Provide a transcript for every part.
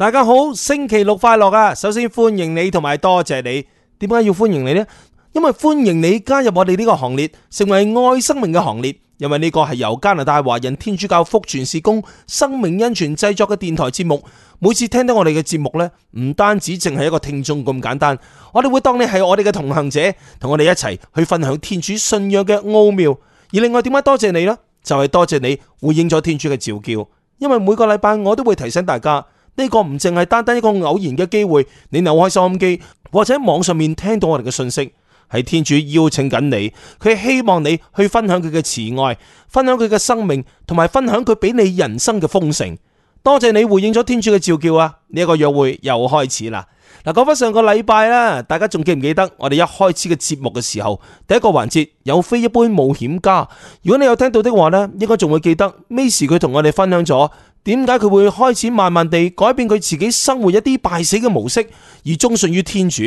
大家好，星期六快樂啊！首先歡迎你同埋多謝你，點解要歡迎你呢？因為歡迎你加入我哋呢個行列，成為愛生命嘅行列。因為呢個係由加拿大華人天主教福傳事工生命恩泉製作嘅電台節目。每次聽到我哋嘅節目呢，唔單止淨係一個聽眾咁簡單，我哋會當你係我哋嘅同行者，同我哋一齊去分享天主信仰嘅奧妙。而另外點解多謝你呢？就係多謝你回應咗天主嘅召叫，因為每個禮拜我都會提醒大家。呢個唔淨係單單一個偶然嘅機會，你扭開收音機，或者網上面聽到我哋嘅信息，係天主邀請緊你，佢希望你去分享佢嘅慈愛，分享佢嘅生命，同埋分享佢俾你人生嘅豐盛。多謝你回應咗天主嘅召叫啊！呢一個約會又開始啦。嗱，講翻上個禮拜啦，大家仲記唔記得我哋一開始嘅節目嘅時候，第一個環節有非一般冒險家。如果你有聽到的話呢，應該仲會記得咩事佢同我哋分享咗。點解佢會開始慢慢地改變佢自己生活一啲敗死嘅模式，而忠信於天主？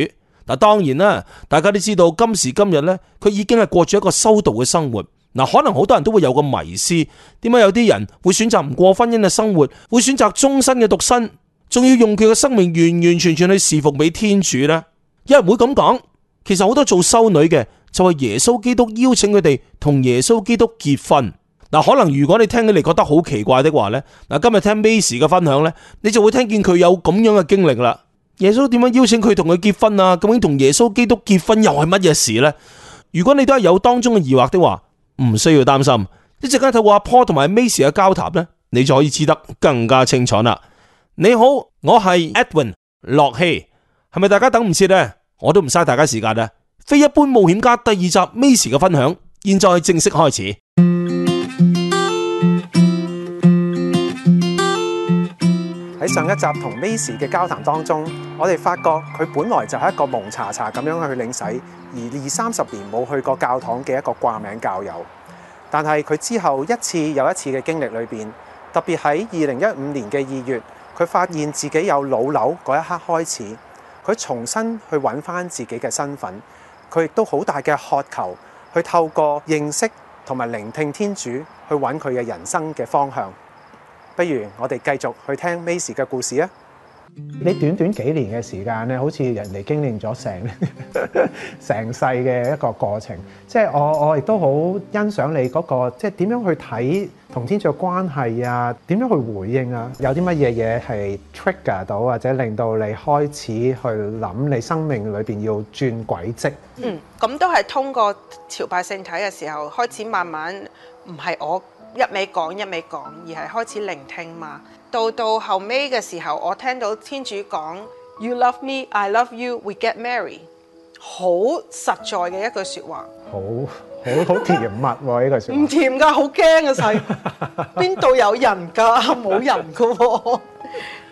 嗱，當然啦，大家都知道今時今日呢，佢已經係過住一個修道嘅生活。嗱，可能好多人都會有個迷思，點解有啲人會選擇唔過婚姻嘅生活，會選擇終身嘅獨身，仲要用佢嘅生命完完全全去侍奉俾天主呢？有人會咁講，其實好多做修女嘅就係耶穌基督邀請佢哋同耶穌基督結婚。嗱，可能如果你聽起嚟覺得好奇怪的話呢，嗱，今日聽 Mais 嘅分享呢，你就會聽見佢有咁樣嘅經歷啦。耶穌點樣邀請佢同佢結婚啊？究竟同耶穌基督結婚又係乜嘢事呢？如果你都係有當中嘅疑惑的話，唔需要擔心。一陣間睇過阿 Paul 同埋 Mais 嘅交談呢，你就可以知得更加清楚啦。你好，我係 Edwin，樂氣，係咪大家等唔切呢？我都唔嘥大家時間啦。非一般冒險家第二集 Mais 嘅分享，現在正式開始。喺上一集同 Miss 嘅交談當中，我哋發覺佢本來就係一個蒙查查咁樣去領洗，而二三十年冇去過教堂嘅一個掛名教友。但係佢之後一次又一次嘅經歷裏邊，特別喺二零一五年嘅二月，佢發現自己有腦瘤嗰一刻開始，佢重新去揾翻自己嘅身份。佢亦都好大嘅渴求，去透過認識同埋聆聽天主，去揾佢嘅人生嘅方向。不如我哋繼續去聽 Mais 嘅故事啊！你短短幾年嘅時間咧，好似人哋經歷咗成成世嘅一個過程。即係我我亦都好欣賞你嗰個，即係點樣去睇同天主嘅關係啊？點樣去回應啊？有啲乜嘢嘢係 trigger 到，或者令到你開始去諗你生命裏邊要轉軌跡？嗯，咁都係通過朝拜聖體嘅時候，開始慢慢唔係我。一味講一味講，而係開始聆聽嘛。到到後尾嘅時候，我聽到天主講：You love me, I love you, we get married。好實在嘅一句話、啊、 說話，好好甜蜜喎！呢句説話唔甜㗎，好驚嘅細。邊度 有人㗎？冇人㗎喎、啊。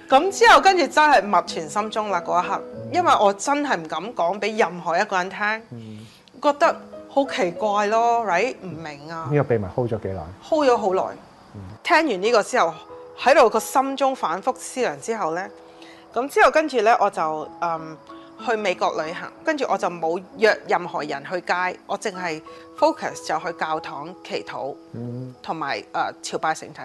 咁 之後跟住真係默存心中啦。嗰一刻，因為我真係唔敢講俾任何一個人聽，嗯、覺得。好奇怪咯、right? 唔明啊？呢個秘密 hold 咗幾耐？hold 咗好耐。嗯、聽完呢個之後，喺度個心中反覆思量之後呢，咁之後跟住呢，我就、嗯、去美國旅行，跟住我就冇約任何人去街，我淨係 focus 就去教堂祈禱，同埋誒朝拜聖體。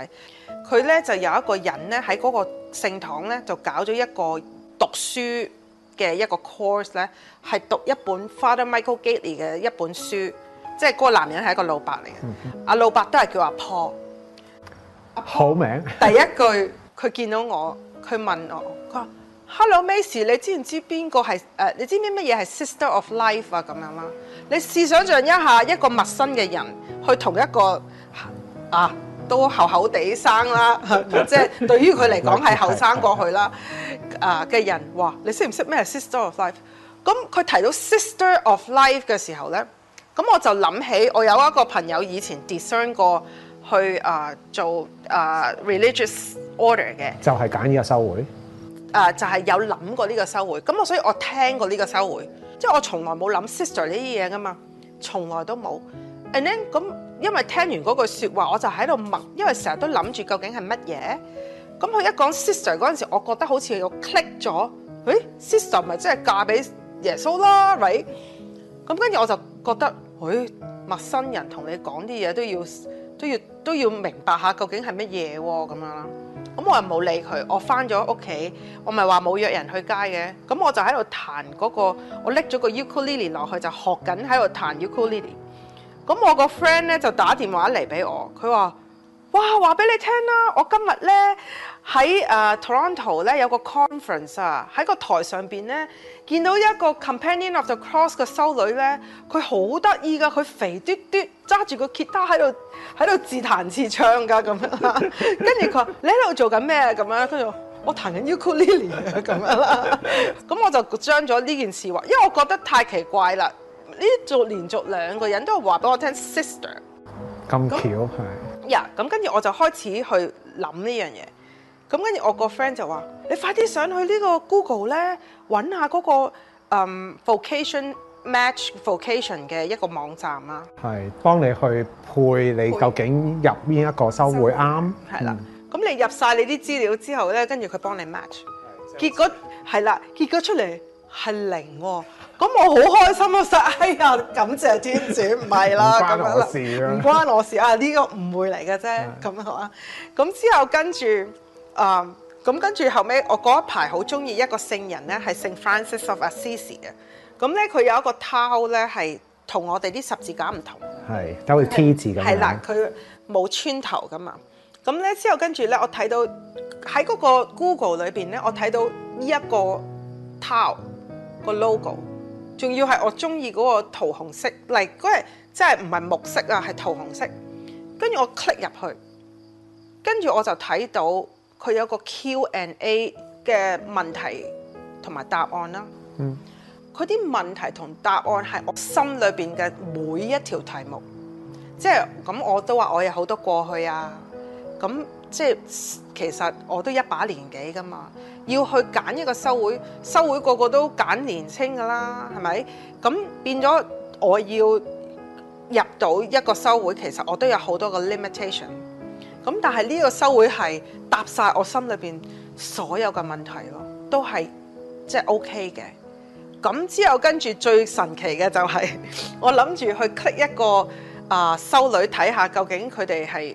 佢呢就有一個人呢，喺嗰個聖堂呢，就搞咗一個讀書。嘅一個 course 咧，係讀一本 Father Michael Gately 嘅一本書，即係嗰個男人係一個老伯嚟嘅。阿、mm hmm. 啊、老伯都係叫阿 Paul，阿 Paul 好名。 第一句佢見到我，佢問我：佢話 Hello Maisie，你知唔知邊個係？誒、呃，你知唔知乜嘢係 Sister of Life 啊？咁樣啦，你試想像一下一個陌生嘅人去同一個啊。都厚厚地生啦， 即係對於佢嚟講係後生過去啦。誒嘅人， 是是是哇！你識唔識咩 sister of life？咁佢提到 sister of life 嘅時候咧，咁我就諗起我有一個朋友以前 discern 過去啊、uh, 做誒、uh, religious order 嘅，就係揀呢個修會誒就係有諗過呢個修會，咁我所以，我聽過呢個修會，即、就、係、是、我從來冇諗 sister 呢啲嘢噶嘛，從來都冇。And then 咁。因為聽完嗰句説話，我就喺度默。因為成日都諗住究竟係乜嘢。咁佢一講 sister 嗰陣時候，我覺得好似有 click 咗。誒、哎、，sister 咪即係嫁俾耶穌啦 r 咁跟住我就覺得，哎、陌生人同你講啲嘢都要都要都要明白下究竟係乜嘢喎咁樣。咁我又冇理佢，我翻咗屋企，我咪話冇約人去街嘅。咁我就喺度彈嗰個，我拎咗個 u k u l i l y 落去就在學緊喺度彈 u k u l i l y。咁我個 friend 咧就打電話嚟俾我，佢話：哇，話俾你聽啦，我今日咧喺誒 Toronto 咧有個 conference 啊，喺個台上邊咧見到一個 Companion of the Cross 嘅修女咧，佢好得意㗎，佢肥嘟嘟揸住個吉他喺度喺度自彈自唱㗎咁樣。跟住佢話：你喺度做緊咩？咁樣跟住我彈緊《ukulele》咁樣啦。咁 我就將咗呢件事話，因為我覺得太奇怪啦。呢做連續兩個人都係話俾我聽，sister 咁巧係呀，咁跟住我就開始去諗呢樣嘢，咁跟住我個 friend 就話：嗯、你快啲上去呢個 Google 呢，揾下嗰、那個誒、嗯、Vocation Match Vocation 嘅一個網站啦，係幫你去配你究竟入邊一個修會啱，係啦，咁、嗯嗯、你入晒你啲資料之後呢，跟住佢幫你 match，、嗯、結果係啦、嗯，結果出嚟。係零喎，哦，咁我好開心啊！實哎呀，感謝天主，唔係啦咁樣啦，唔 關我事啊！呢個唔會嚟嘅啫，咁啊嘛。咁之後跟住啊，咁、嗯、跟住後尾，我嗰一排好中意一個聖人咧，係聖 Francis of Assisi 嘅。咁咧佢有一個 tau 咧，係同我哋啲十字架唔同，係攤好似 T 字咁。係啦，佢冇穿頭噶嘛。咁咧之後跟住咧，我睇到喺嗰個 Google 裏邊咧，我睇到呢一個 tau 個 logo，仲要係我中意嗰個桃紅色，嚟嗰係即係唔係木色啊，係桃紅色。跟住我 click 入去，跟住我就睇到佢有個 Q and A 嘅問題同埋答案啦。嗯，佢啲問題同答案係我心裏邊嘅每一條題目，即係咁我都話我有好多過去啊，咁即係。其實我都一把年紀㗎嘛，要去揀一個修會，修會個個都揀年青㗎啦，係咪？咁變咗我要入到一個修會，其實我都有好多個 limitation。咁但係呢個修會係答晒我心裏邊所有嘅問題咯，都係即係 OK 嘅。咁之後跟住最神奇嘅就係、是，我諗住去 click 一個啊、呃、修女睇下究竟佢哋係。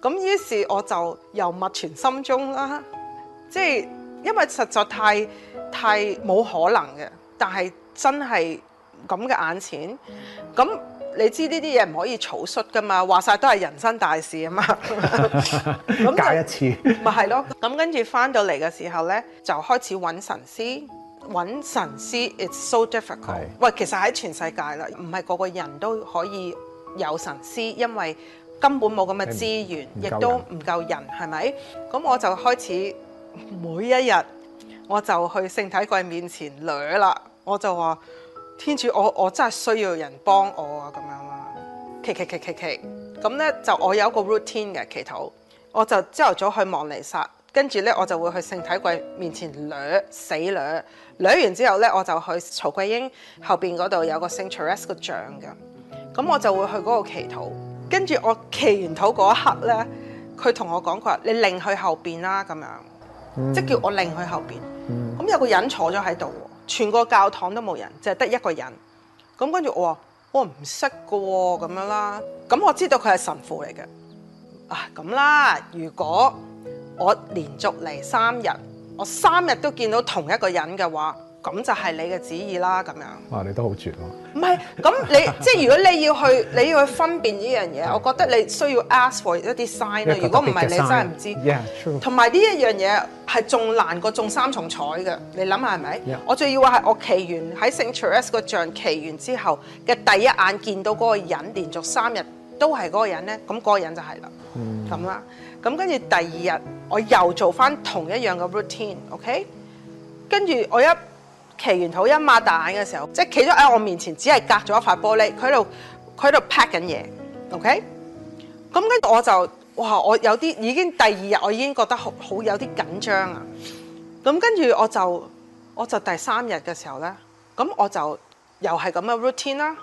咁於是我就由默存心中啦，即係因為實在太太冇可能嘅，但係真係咁嘅眼前，咁你知呢啲嘢唔可以草率噶嘛，話晒都係人生大事啊嘛，嫁一次咪係咯，咁跟住翻到嚟嘅時候咧，就開始揾神師，揾神師，It's so difficult 的。喂，其實喺全世界啦，唔係個個人都可以有神師，因為。根本冇咁嘅資源，亦都唔夠人，係咪？咁我就開始每一日，我就去聖體櫃面前掠啦。我就話：天主，我我真係需要人幫我啊！咁樣啦，祈祈祈祈祈咁呢，就我有一個 routine 嘅祈禱。我就朝頭早去望彌撒，跟住呢，我就會去聖體櫃面前掠，死掠。掠完之後呢，我就去曹桂英後邊嗰度有一個聖 Theresa 個像嘅，咁我就會去嗰個祈禱。跟住我祈完禱嗰一刻呢，佢同我講：佢話你擰去後邊啦，咁樣即係叫我擰去後邊。咁有個人坐咗喺度，全個教堂都冇人，淨係得一個人。咁跟住我話我唔識㗎咁樣啦。咁我知道佢係神父嚟嘅。咁啦，如果我連續嚟三日，我三日都見到同一個人嘅話。咁就係你嘅旨意啦，咁樣。哇！你都好絕喎。唔係，咁你 即係如果你要去，你要去分辨呢樣嘢， 我覺得你需要 ask for design，一啲 sign 啦。如果唔係，你 design 真係唔知。同埋呢一樣嘢係仲難過中三重彩嘅，你諗下係咪？Yeah. 我仲要話係我騎完喺 Central S 個象棋完之後嘅第一眼見到嗰個人，連續三日都係嗰個人呢，咁嗰個人就係啦。咁啦、mm.，咁跟住第二日我又做翻同一樣嘅 routine，OK？、Okay? 跟住我一。奇完土一擘大眼嘅時候，即係企咗喺我面前，只係隔咗一塊玻璃，佢喺度佢喺度 pack 緊嘢，OK？咁跟住我就哇，我有啲已經第二日，我已經覺得好好有啲緊張啊。咁跟住我就我就第三日嘅時候咧，咁我就又係咁嘅 routine 啦。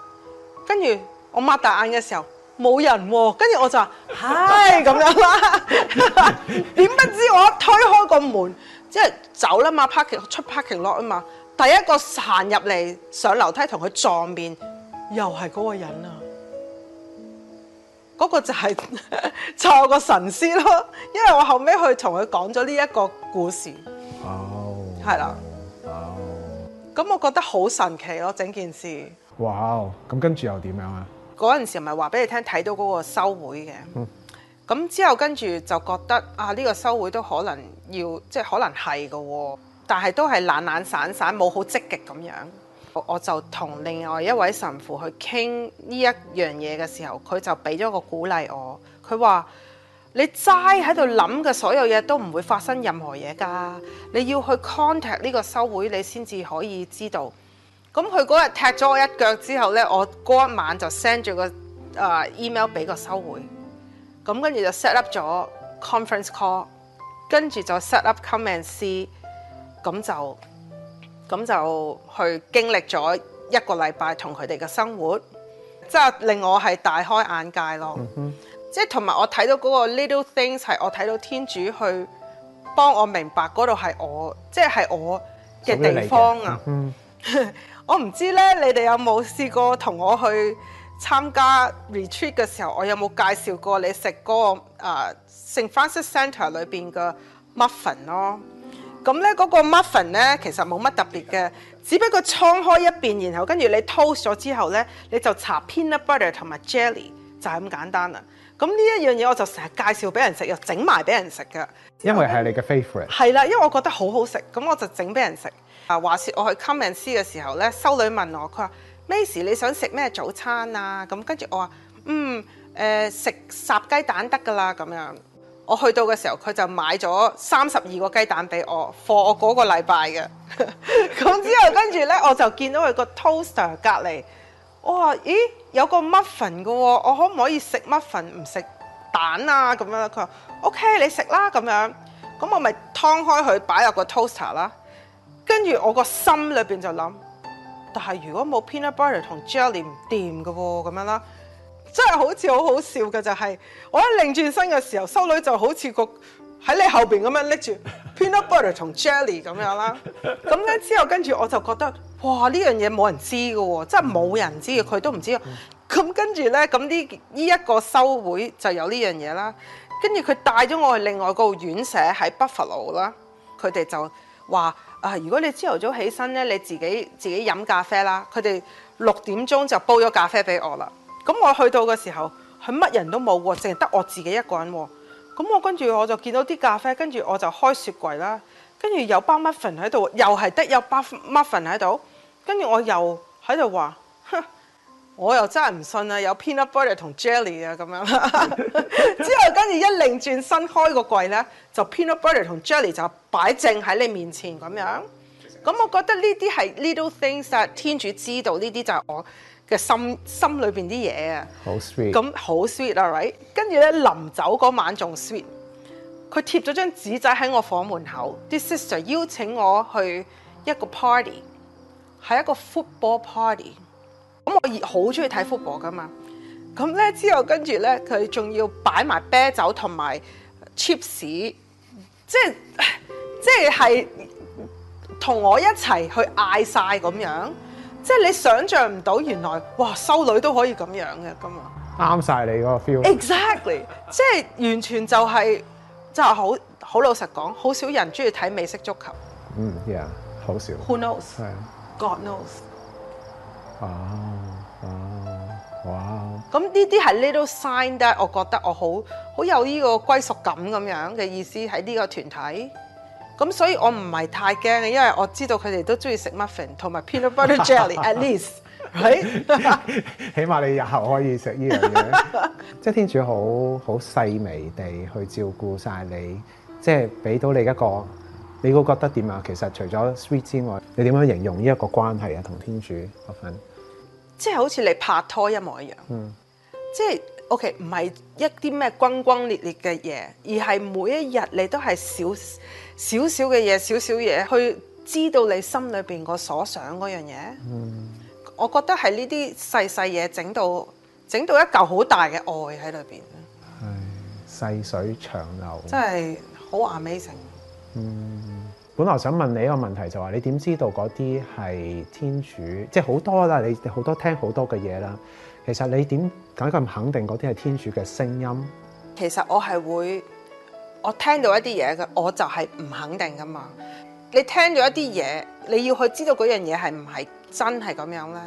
跟住我擘大眼嘅時候冇人喎，啊，跟住我就話唉，咁樣啦。點 不知我一推開個門，即係走啦嘛，parking 出 parking 落啊嘛。第一個行入嚟上樓梯同佢撞面，又係嗰個人啊！嗰、嗰個就係嗰個神師咯，因為我後尾去同佢講咗呢一個故事。哦、oh, 咯，係啦。哦，咁我覺得好神奇咯，整件事。哇！咁跟住又點樣啊？嗰陣時咪話俾你聽睇到嗰個修會嘅。嗯。咁之後跟住就覺得啊，呢、呢個修會都可能要，即係可能係嘅喎。但係都係懶懶散散，冇好積極咁樣。我就同另外一位神父去傾呢一樣嘢嘅時候，佢就俾咗個鼓勵我。佢話：你齋喺度諗嘅所有嘢都唔會發生任何嘢㗎。你要去 contact 呢個修會，你先至可以知道。咁佢嗰日踢咗我一腳之後呢，我嗰一晚就 send 咗個 email 俾、呃、個修會，咁跟住就 set up 咗 conference call，跟住就 set up come and see。咁就咁就去經歷咗一個禮拜同佢哋嘅生活，即係令我係大開眼界咯。Mm hmm. 即係同埋我睇到嗰個 little things 係我睇到天主去幫我明白嗰度係我，即係係我嘅地方啊。裡 mm hmm. 我唔知咧，你哋有冇試過同我去參加 retreat 嘅時候，我有冇介紹過你食嗰、嗰個啊、uh, St. Francis Centre 裏邊嘅 muffin 咯？咁呢嗰個 muffin 呢，其實冇乜特別嘅，只不過敞開一邊，然後跟住你 toast 咗之後呢，你就搽 peanut butter 同埋 jelly 就係咁簡單啦。咁呢一樣嘢我就成日介紹俾人食，又整埋俾人食嘅。因為係你嘅 favorite。係啦、嗯，因為我覺得好好食，咁我就整俾人食。啊，話説我去 Convent 嘅時候呢，修女問我，佢話，咩時你想食咩早餐啊？咁跟住我話，嗯誒食烚雞蛋得㗎啦咁樣。我去到嘅時候，佢就買咗三十二個雞蛋俾我，貨我嗰個禮拜嘅。咁 之後跟住咧，我就見到佢個 toaster 隔離，我話：咦，有個 muffin 嘅喎，哦，我可唔可以食 muffin 唔食蛋啊？咁樣咧，佢話：O.K. 你食啦咁樣。咁我咪劏開佢擺入個 toaster 啦。跟住我個心裏邊就諗，但係如果冇 peanut butter 同 jelly 唔掂嘅喎，哦，咁樣啦。真係好似好好笑嘅就係、是、我一擰轉身嘅時候，修女就好似個喺你後邊咁樣拎住 peanut butter 同 jelly 咁樣啦。咁咧，之後跟住我就覺得哇，呢樣嘢冇人知嘅喎，真係冇人知嘅，佢都唔知道。咁跟住咧，咁呢呢一個修會就有呢樣嘢啦。跟住佢帶咗我去另外個院舍喺 Buffalo 啦。佢哋就話啊，如果你朝頭早起身咧，你自己自己飲咖啡啦。佢哋六點鐘就煲咗咖啡俾我啦。咁我去到嘅時候，佢乜人都冇喎、啊，淨係得我自己一個人喎、啊。咁我跟住我就見到啲咖啡，跟住我就開雪櫃啦。跟住有包 muffin 喺度，又係得有包 muffin 喺度。跟住我又喺度話，我又真係唔信啊！有 peanut butter 同 jelly 噶咁樣。 之後跟住一擰轉身開個櫃咧，就 peanut butter 同 jelly 就擺正喺你面前咁樣。咁我覺得呢啲係 little things 啦，天主知道呢啲就係我。嘅心心裏邊啲嘢啊，好 sweet，咁好 sweet，係咪？跟住咧，臨走嗰晚仲 sweet，佢貼咗張紙仔喺我房門口，啲 sister 邀請我去一個 party，係一個 football party。咁、嗯、我好中意睇 football 噶嘛，咁咧之後跟住咧，佢仲要擺埋啤酒同埋 chips，即係即係係同我一齊去嗌晒咁樣。即係你想象唔到，原來哇，修女都可以咁樣嘅，咁啊啱晒你嗰個 feel。Exactly，即係完全就係、是，即係好好老實講，好少人中意睇美式足球。嗯、mm，yeah，好少。Who knows？God knows。啊啊哇！咁呢啲係 little sign that，我覺得我好好有呢個歸屬感咁樣嘅意思喺呢個團體。咁所以，我唔係太驚嘅，因為我知道佢哋都中意食 muffin，同埋 peanut butter jelly at least，係、right? 起碼你日後可以食呢樣嘢。 即係天主好好細微地去照顧晒你，即係俾到你一個你會覺得點啊？其實除咗 sweet 之外，你點樣形容呢一個關係啊？同天主份，即係好似你拍拖一模一樣。嗯，即係。O.K. 唔係一啲咩轟轟烈烈嘅嘢，而係每一日你都係少少少嘅嘢，少少嘢去知道你心裏邊個所想嗰樣嘢。嗯，我覺得係呢啲細細嘢整到整到一嚿好大嘅愛喺裏邊。係細水長流，真係好 amazing。嗯，本來想問你一個問題，就是，就話你點知道嗰啲係天主？即係好多啦，你好多聽好多嘅嘢啦。其實你點解咁肯定嗰啲係天主嘅聲音？其實我係會我聽到一啲嘢嘅，我就係唔肯定噶嘛。你聽咗一啲嘢，你要去知道嗰樣嘢係唔係真係咁樣咧？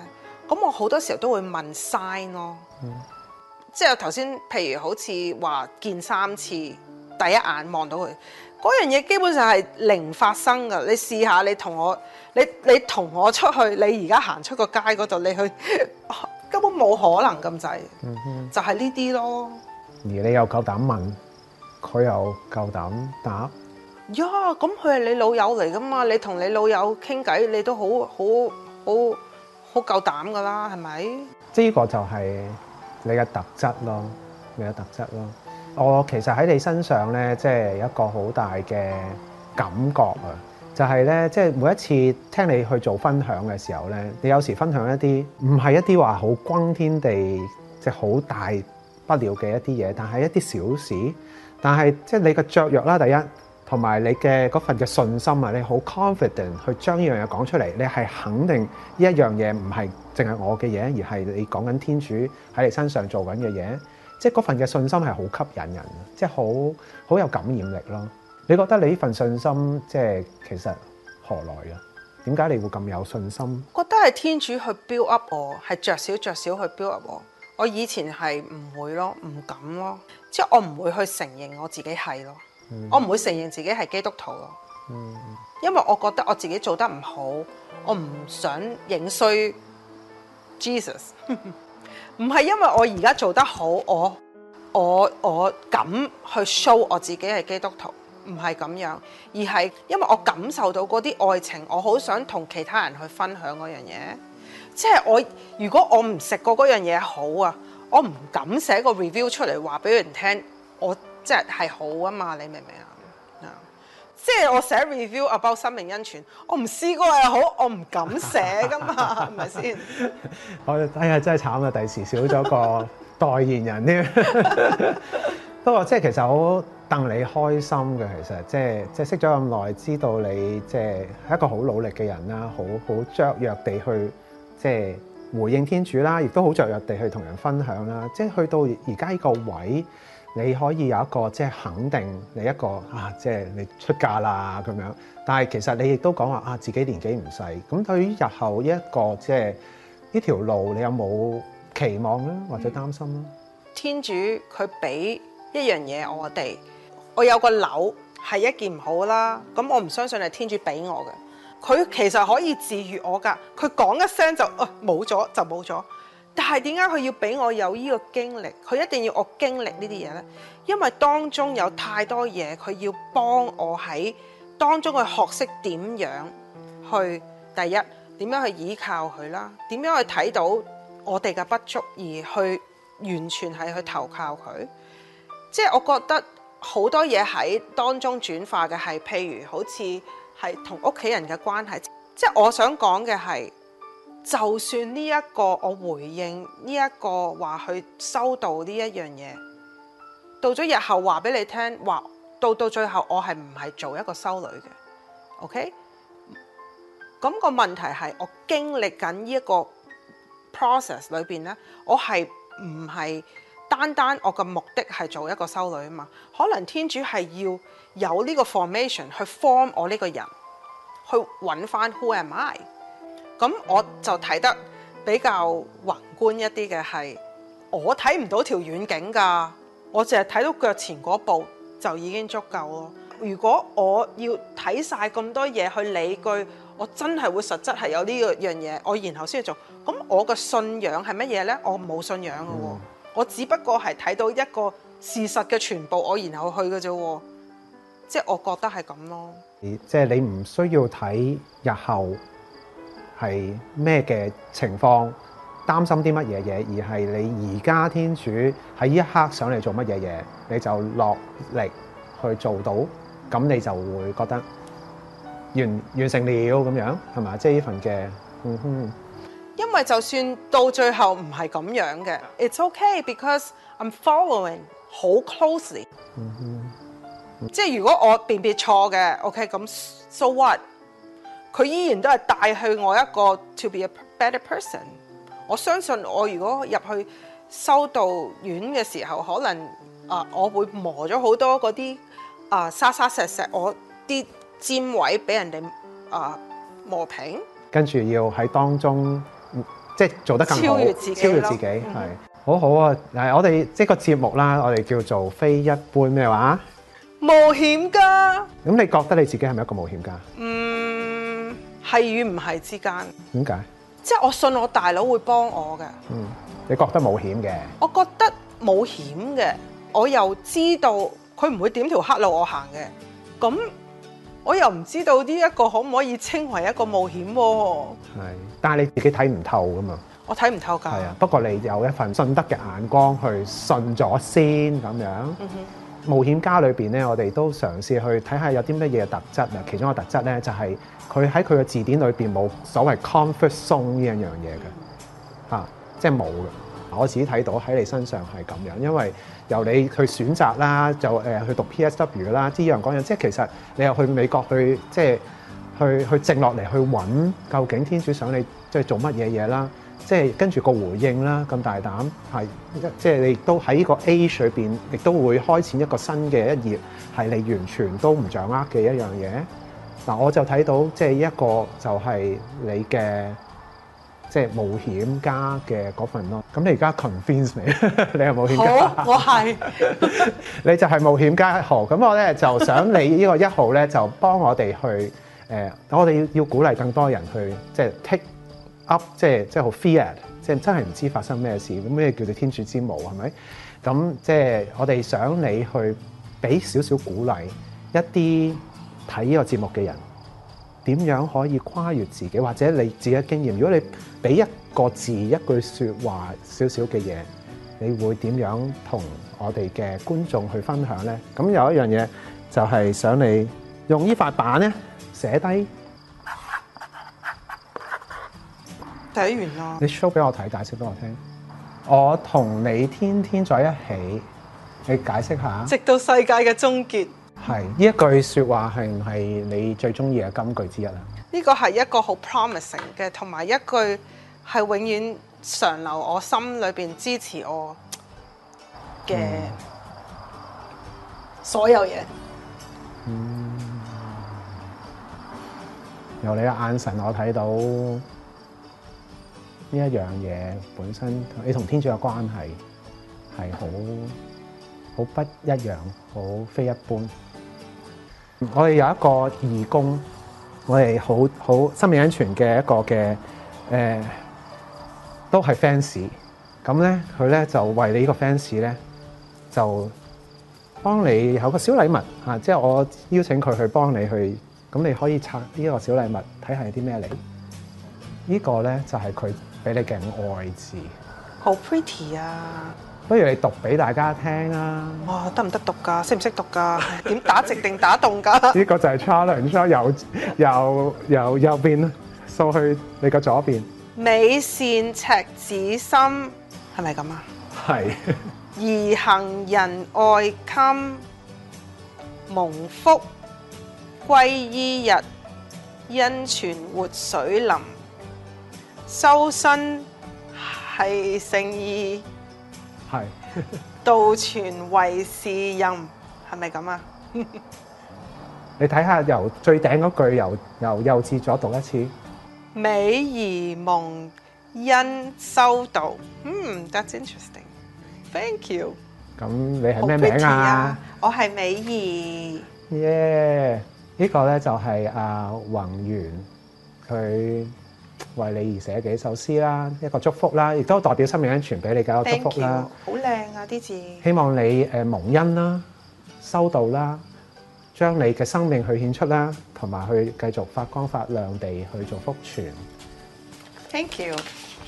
咁我好多時候都會問曬咯，嗯、即係頭先，譬如好似話見三次第一眼望到佢嗰樣嘢，嗰樣嘢基本上係零發生噶。你試下，你同我你你同我出去，你而家行出個街嗰度，你去。 根本冇可能咁滯，就係呢啲咯。而你又夠膽問，佢又夠膽答。呀，咁佢係你老友嚟㗎嘛？你同你老友傾偈，你都好好好好夠膽㗎啦，係咪？即係呢個就係你嘅特質咯，你嘅特質咯。我其實喺你身上咧，即係一個好大嘅感覺啊！就係咧，即係每一次聽你去做分享嘅時候咧，你有時分享一啲唔係一啲話好轟天地，即係好大不了嘅一啲嘢，但係一啲小事，但係即係你嘅雀躍啦，第一同埋你嘅嗰份嘅信心啊，你好 confident 去將呢樣嘢講出嚟，你係肯定呢一樣嘢唔係淨係我嘅嘢，而係你講緊天主喺你身上做緊嘅嘢，即係嗰份嘅信心係好吸引人，即係好好有感染力咯。你覺得你呢份信心，即係其實何來嘅啊？點解你會咁有信心？覺得係天主去 build up 我，係着少着少去 build up 我。我以前係唔會咯，唔敢咯，即係我唔會去承認我自己係咯，嗯、我唔會承認自己係基督徒咯。嗯、因為我覺得我自己做得唔好，我唔想影衰 Jesus。唔 係因為我而家做得好，我我我敢去 show 我自己係基督徒。唔係咁樣，而係因為我感受到嗰啲愛情，我好想同其他人去分享嗰樣嘢。即係我如果我唔食過嗰樣嘢好啊，我唔敢寫個 review 出嚟話俾人聽，我即係係好啊嘛，你明唔明啊？No. 即係我寫 review about 生命恩泉，我唔試過又好，我唔敢寫噶嘛，係咪先？我哎呀，真係慘啊！第時少咗個代言人添。不過即係其實我。戥你開心嘅其實，即係即係識咗咁耐，知道你即係一個好努力嘅人啦，好好雀躍地去即係回應天主啦，亦都好雀躍地去同人分享啦。即係去到而家呢個位，你可以有一個即係肯定你一個啊，即係你出嫁啦咁樣。但係其實你亦都講話啊，自己年紀唔細，咁對於日後呢一個即係呢條路，你有冇期望咧，或者擔心咧？天主佢俾一樣嘢我哋。我有個瘤係一件唔好啦，咁我唔相信係天主俾我嘅。佢其實可以治愈我噶，佢講一聲就哦，冇咗就冇咗。但係點解佢要俾我有呢個經歷？佢一定要我經歷呢啲嘢呢？因為當中有太多嘢佢要幫我喺當中去學識點樣去第一，點樣去依靠佢啦，點樣去睇到我哋嘅不足而去完全係去投靠佢，即係我覺得。好多嘢喺當中轉化嘅係，譬如好似係同屋企人嘅關係，即係我想講嘅係，就算呢一個我回應呢一個話去修道呢一樣嘢，到咗日後話俾你聽，話到到最後我係唔係做一個修女嘅，OK？咁個問題係我經歷緊呢一個 process 裏邊咧，我係唔係？單單我嘅目的係做一個修女啊嘛，可能天主係要有呢個 formation 去 form 我呢個人，去揾翻 Who am I？咁、嗯、我就睇得比較宏觀一啲嘅係，我睇唔到條遠景噶，我淨係睇到腳前嗰步就已經足夠咯。如果我要睇晒咁多嘢去理據，我真係會實質係有呢個樣嘢，我然後先去做咁。我嘅信仰係乜嘢呢？我冇信仰噶喎。嗯我只不過係睇到一個事實嘅全部，我然後去嘅啫喎，即係我覺得係咁咯。即係你唔需要睇日後係咩嘅情況，擔心啲乜嘢嘢，而係你而家天主喺一刻想嚟做乜嘢嘢，你就落力去做到，咁你就會覺得完完成了咁樣係嘛？即係呢份嘅，嗯哼。因為就算到最後唔係咁樣嘅，it's okay because I'm following 好 closely、mm。Hmm. Mm hmm. 即係如果我辨別錯嘅，OK，咁 so what？佢依然都係帶去我一個 to be a better person。我相信我如果入去修道院嘅時候，可能啊、呃，我會磨咗好多嗰啲啊沙沙石石，我啲尖位俾人哋啊、呃、磨平，跟住要喺當中。即係做得更好，超越自己係、嗯、好好啊！誒，我哋即係個節目啦，我哋叫做非一般咩話？冒險家。咁你覺得你自己係咪一個冒險家？嗯，係與唔係之間？點解？即係我信我大佬會幫我嘅。嗯，你覺得冒險嘅？我覺得冒險嘅，我又知道佢唔會點條黑路我行嘅咁。我又唔知道呢一個可唔可以稱為一個冒險喎、啊？但係你自己睇唔透噶嘛？我睇唔透㗎。係啊，不過你有一份信德嘅眼光去信咗先咁樣。嗯哼、mm。Hmm. 冒險家裏邊咧，我哋都嘗試去睇下有啲乜嘢特質啊。其中一個特質咧，就係佢喺佢嘅字典裏邊冇所謂 comfort zone 呢樣嘢嘅，嚇、mm hmm. 啊，即係冇㗎。我自己睇到喺你身上係咁樣，因為由你去選擇啦，就誒去讀 PSW 啦，啲人講嘢，即係其實你又去美國去，即係去去靜落嚟去揾，究竟天主想你即係做乜嘢嘢啦？即係跟住個回應啦，咁大膽係，即係、就係、你亦都喺呢個 A 裏邊，亦都會開展一個新嘅一頁，係你完全都唔掌握嘅一樣嘢。嗱，我就睇到即係一個就係你嘅。即係冒險家嘅嗰份咯。咁你而家 convince 你你係冒險家。好我係， 你就係冒險家一號。咁我咧就想你這個呢個一號咧，就幫我哋去誒、呃，我哋要要鼓勵更多人去即係、就是、take up，即係即係好 fear，即係真係唔知道發生咩事。咩叫做天主之母係咪？咁即係我哋想你去俾少少鼓勵一啲睇呢個節目嘅人。點樣可以跨越自己，或者你自己嘅經驗？如果你俾一個字，一句説話、少少嘅嘢，你會點樣同我哋嘅觀眾去分享咧？咁有一樣嘢就係想你用依塊板咧寫低。睇完啦。你 show 俾我睇，解釋俾我聽。我同你天天在一起，你解釋下。直到世界嘅終結。係呢一句説話係唔係你最中意嘅金句之一啊？呢個係一個好 promising 嘅，同埋一句係永遠常留我心裏邊支持我嘅所有嘢。嗯，嗯，由你嘅眼神我睇到呢一樣嘢本身你同天主嘅關係係好好不一樣，好非一般。我哋有一個義工，我哋好好生命安全嘅一個嘅誒、呃，都係 fans。咁咧，佢咧就為你這個粉呢個 fans 咧，就幫你有一個小禮物啊！即係我邀請佢去幫你去，咁你可以拆呢個小禮物，睇下有啲咩嚟？這個、呢個咧就係佢俾你嘅愛字，好 pretty 啊！不如你讀俾大家聽啦！哇、哦，得唔得讀㗎？識唔識讀㗎？點 打直定打棟㗎？呢個就係 challenge challenge，右右右右邊啦，數去你個左邊。美善赤子心，係咪咁啊？係是。而 行人愛衾，蒙福歸依日，恩泉活水淋，修身係聖意。係是 道全為是任，係咪咁啊？ 你睇下由最頂嗰句由由由右至左讀一次。美儀蒙恩修道，嗯，that's interesting，thank you，啊。咁你係咩名啊？我係美儀。耶、yeah。啊，呢個咧就係阿宏源，佢。為你而寫幾首詩啦，一個祝福啦，亦都代表生命安全俾你嘅祝福啦。好靚啊！啲字。希望你誒蒙恩啦，收到啦，將你嘅生命去獻出啦，同埋去繼續發光發亮地去做福傳。Thank you，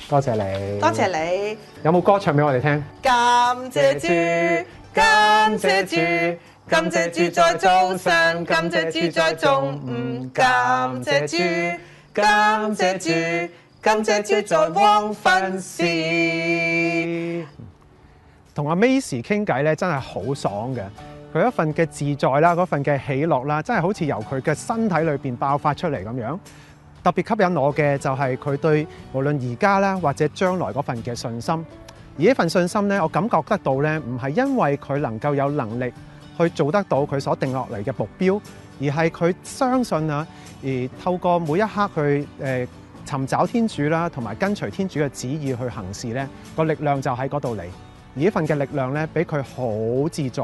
多謝你，多謝你。有冇歌唱俾我哋聽？感謝主，感謝主，感謝主在早上，感謝主在中午，感謝主。感謝主，感謝主，在黃昏時，同阿 Mais 傾偈咧，真係好爽嘅。佢一份嘅自在啦，嗰份嘅喜樂啦，真係好似由佢嘅身體裏邊爆發出嚟咁樣。特別吸引我嘅就係佢對無論而家啦或者將來嗰份嘅信心。而呢份信心咧，我感覺得到咧，唔係因為佢能夠有能力去做得到佢所定落嚟嘅目標。而係佢相信啊，而透過每一刻去誒、呃、尋找天主啦，同埋跟隨天主嘅旨意去行事呢，個力量就喺嗰度嚟。而呢份嘅力量呢，俾佢好自在，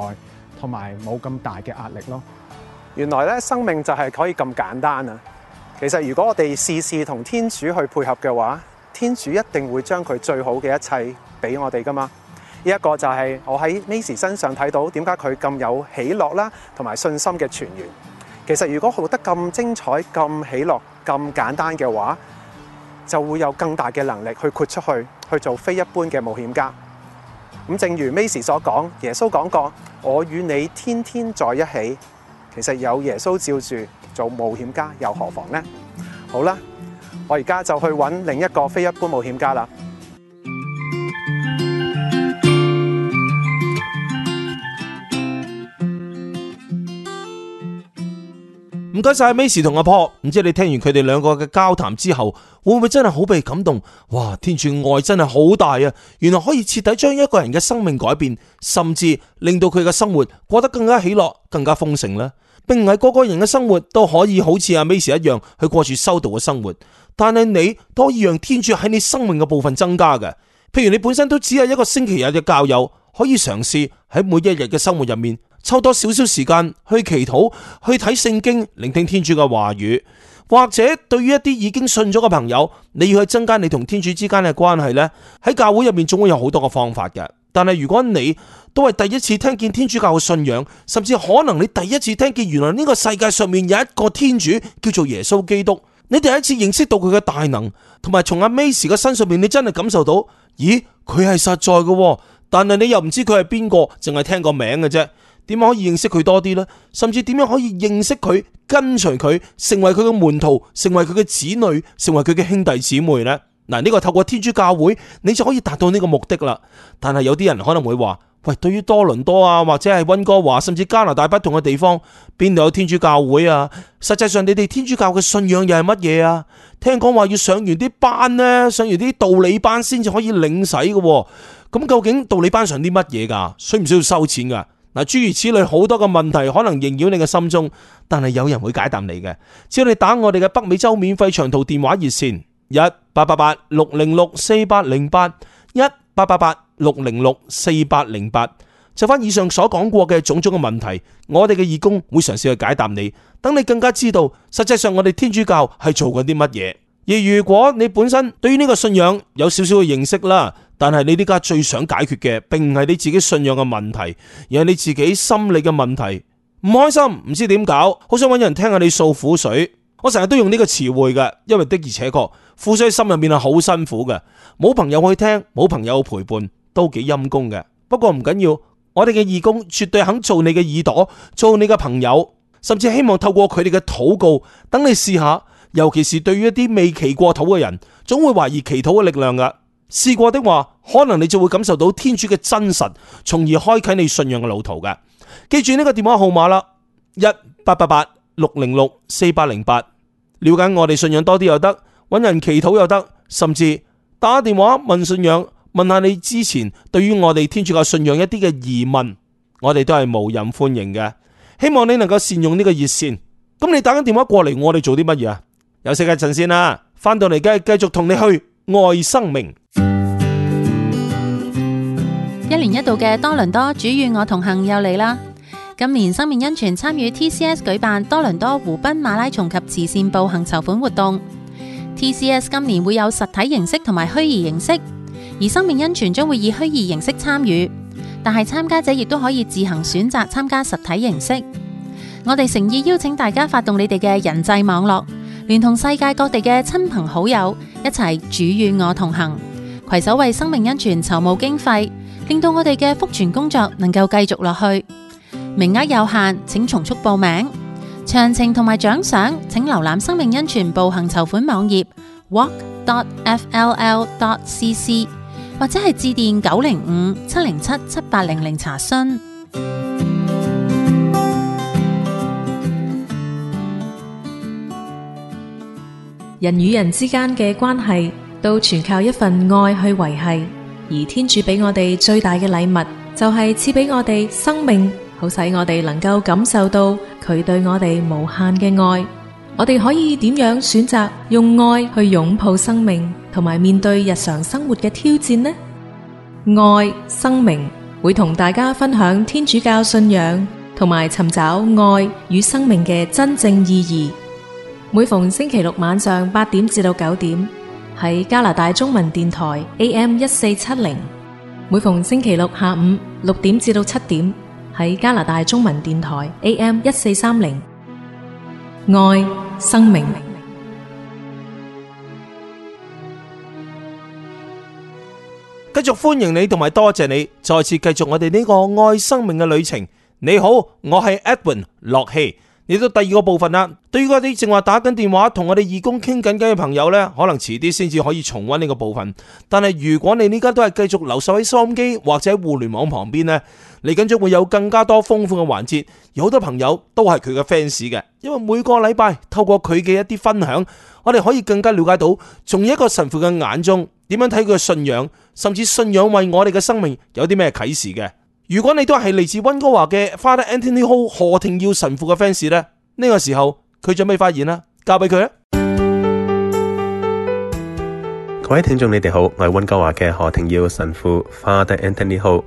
同埋冇咁大嘅壓力咯。原來呢，生命就係可以咁簡單啊！其實如果我哋事事同天主去配合嘅話，天主一定會將佢最好嘅一切俾我哋㗎嘛。呢一個就係我喺 Miss 身上睇到點解佢咁有喜樂啦，同埋信心嘅泉源。其實如果活得咁精彩、咁喜樂、咁簡單嘅話，就會有更大嘅能力去豁出去，去做非一般嘅冒險家。咁正如 Maisy 所講，耶穌講過：我與你天天在一起。其實有耶穌照住做冒險家又何妨呢？好啦，我而家就去揾另一個非一般冒險家啦。唔該晒，阿美時同阿婆，唔知你聽完佢哋兩個嘅交談之後，會唔會真係好被感動？哇！天主愛真係好大啊！原來可以徹底將一個人嘅生命改變，甚至令到佢嘅生活過得更加喜樂、更加豐盛呢！並唔係個個人嘅生活都可以好似阿美時一樣去過住修道嘅生活，但係你都可以讓天主喺你生命嘅部分增加嘅。譬如你本身都只係一個星期日嘅教友，可以嘗試喺每一日嘅生活入面，抽多少少時間去祈禱、去睇聖經、聆聽天主嘅話語，或者對於一啲已經信咗嘅朋友，你要去增加你同天主之間嘅關係咧。喺教會入面，總會有好多個方法嘅。但係如果你都係第一次聽見天主教嘅信仰，甚至可能你第一次聽見原來呢個世界上面有一個天主叫做耶穌基督，你第一次認識到佢嘅大能，同埋從阿咩時嘅身上面，你真係感受到，咦，佢係實在嘅，但係你又唔知佢係邊個，淨係聽個名嘅啫。點樣可以認識佢多啲呢？甚至點樣可以認識佢、跟隨佢、成為佢嘅門徒、成為佢嘅子女、成為佢嘅兄弟姊妹呢？嗱，呢個透過天主教會，你就可以達到呢個目的啦。但係有啲人可能會話：喂，對於多倫多啊，或者係溫哥華，甚至加拿大不同嘅地方，邊度有天主教會啊？實際上，你哋天主教嘅信仰又係乜嘢啊？聽講話要上完啲班呢，上完啲道理班先至可以領洗嘅啊。咁究竟道理班上啲乜嘢噶？需唔需要收錢噶？嗱，諸如此類好多嘅問題，可能縈繞你嘅心中，但係有人會解答你嘅。只要你打我哋嘅北美洲免費長途電話熱線一八八八六零六四八零八，一八八八六零六四八零八，8, 8, 就返以上所講過嘅種種嘅問題，我哋嘅義工會嘗試去解答你，等你更加知道，實際上我哋天主教係做緊啲乜嘢。而如果你本身對於呢個信仰有少少嘅認識啦。但係你呢家最想解決嘅，並唔係你自己信仰嘅問題，而係你自己心理嘅問題。唔開心，唔知點搞，好想揾人聽下你訴苦水。我成日都用呢個詞彙嘅，因為的而且確，苦水喺心入面係好辛苦嘅。冇朋友去聽，冇朋友去陪伴，都幾陰公嘅。不過唔緊要，我哋嘅義工絕對肯做你嘅耳朵，做你嘅朋友，甚至希望透過佢哋嘅禱告，等你試下。尤其是對於一啲未祈過禱嘅人，總會懷疑祈禱嘅力量噶。試過的話，可能你就會感受到天主嘅真實，從而開啟你信仰嘅路途嘅。記住呢個電話號碼啦，一八八八六零六四八零八。了解我哋信仰多啲又得，搵人祈禱又得，甚至打電話問信仰，問下你之前對於我哋天主教信仰一啲嘅疑問，我哋都係無任歡迎嘅。希望你能夠善用呢個熱線。咁你打緊電話過嚟，我哋做啲乜嘢啊？有世界陣先啦，翻到嚟繼繼續同你去愛生命。一年一度嘅多倫多主與我同行又嚟啦。今年生命恩泉參與 TCS 舉辦多倫多湖濱馬拉松及慈善步行籌款活動。TCS 今年會有實體形式同埋虛擬形式，而生命恩泉將會以虛擬形式參與，但係參加者亦都可以自行選擇參加實體形式。我哋誠意邀請大家發動你哋嘅人際網絡，聯同世界各地嘅親朋好友一齊主與我同行，攜手為生命恩泉籌募經費。令到我哋嘅福傳工作能夠繼續落去，名額有限，請從速報名。詳情同埋獎賞，請瀏覽生命恩泉步行籌款網頁 walk dot fll dot cc，或者係致電九零五七零七七八零零查詢。人與人之間嘅關係，都全靠一份愛去維繫。而天主畀我哋最大嘅禮物就係賜畀我哋生命，好使我哋能夠感受到佢對我哋無限嘅愛。我哋可以點樣選擇用愛去擁抱生命同埋面對日常生活嘅挑戰呢？愛、生命，會同大家分享天主教信仰同埋尋找愛與生命嘅真正意義。每逢星期六晚上八點至到九點，喺加拿大中文電台 AM 一四七零，每逢星期六下午六點至到七點，喺加拿大中文電台 AM 一四三零，愛生命。繼續歡迎你同埋多謝你，再次繼續我哋呢個愛生命嘅旅程。你好，我係 Edwin 樂希。亦都第二個部分啦，對於嗰啲正話打緊電話同我哋義工傾緊偈嘅朋友呢，可能遲啲先至可以重溫呢個部分。但係如果你呢家都係繼續留守喺收音機或者互聯網旁邊呢，嚟緊將會有更加多豐富嘅環節。有好多朋友都係佢嘅 fans 嘅，因為每個禮拜透過佢嘅一啲分享，我哋可以更加了解到，從一個神父嘅眼中點樣睇佢嘅信仰，甚至信仰為我哋嘅生命有啲咩啟示嘅。如果你都係嚟自溫哥華嘅 Father Anthony Ho 何庭耀神父嘅 fans 呢，這個時候佢準備發言了，交俾佢。各位聽眾，你哋好，我係溫哥華嘅何庭耀神父 Father Anthony Ho。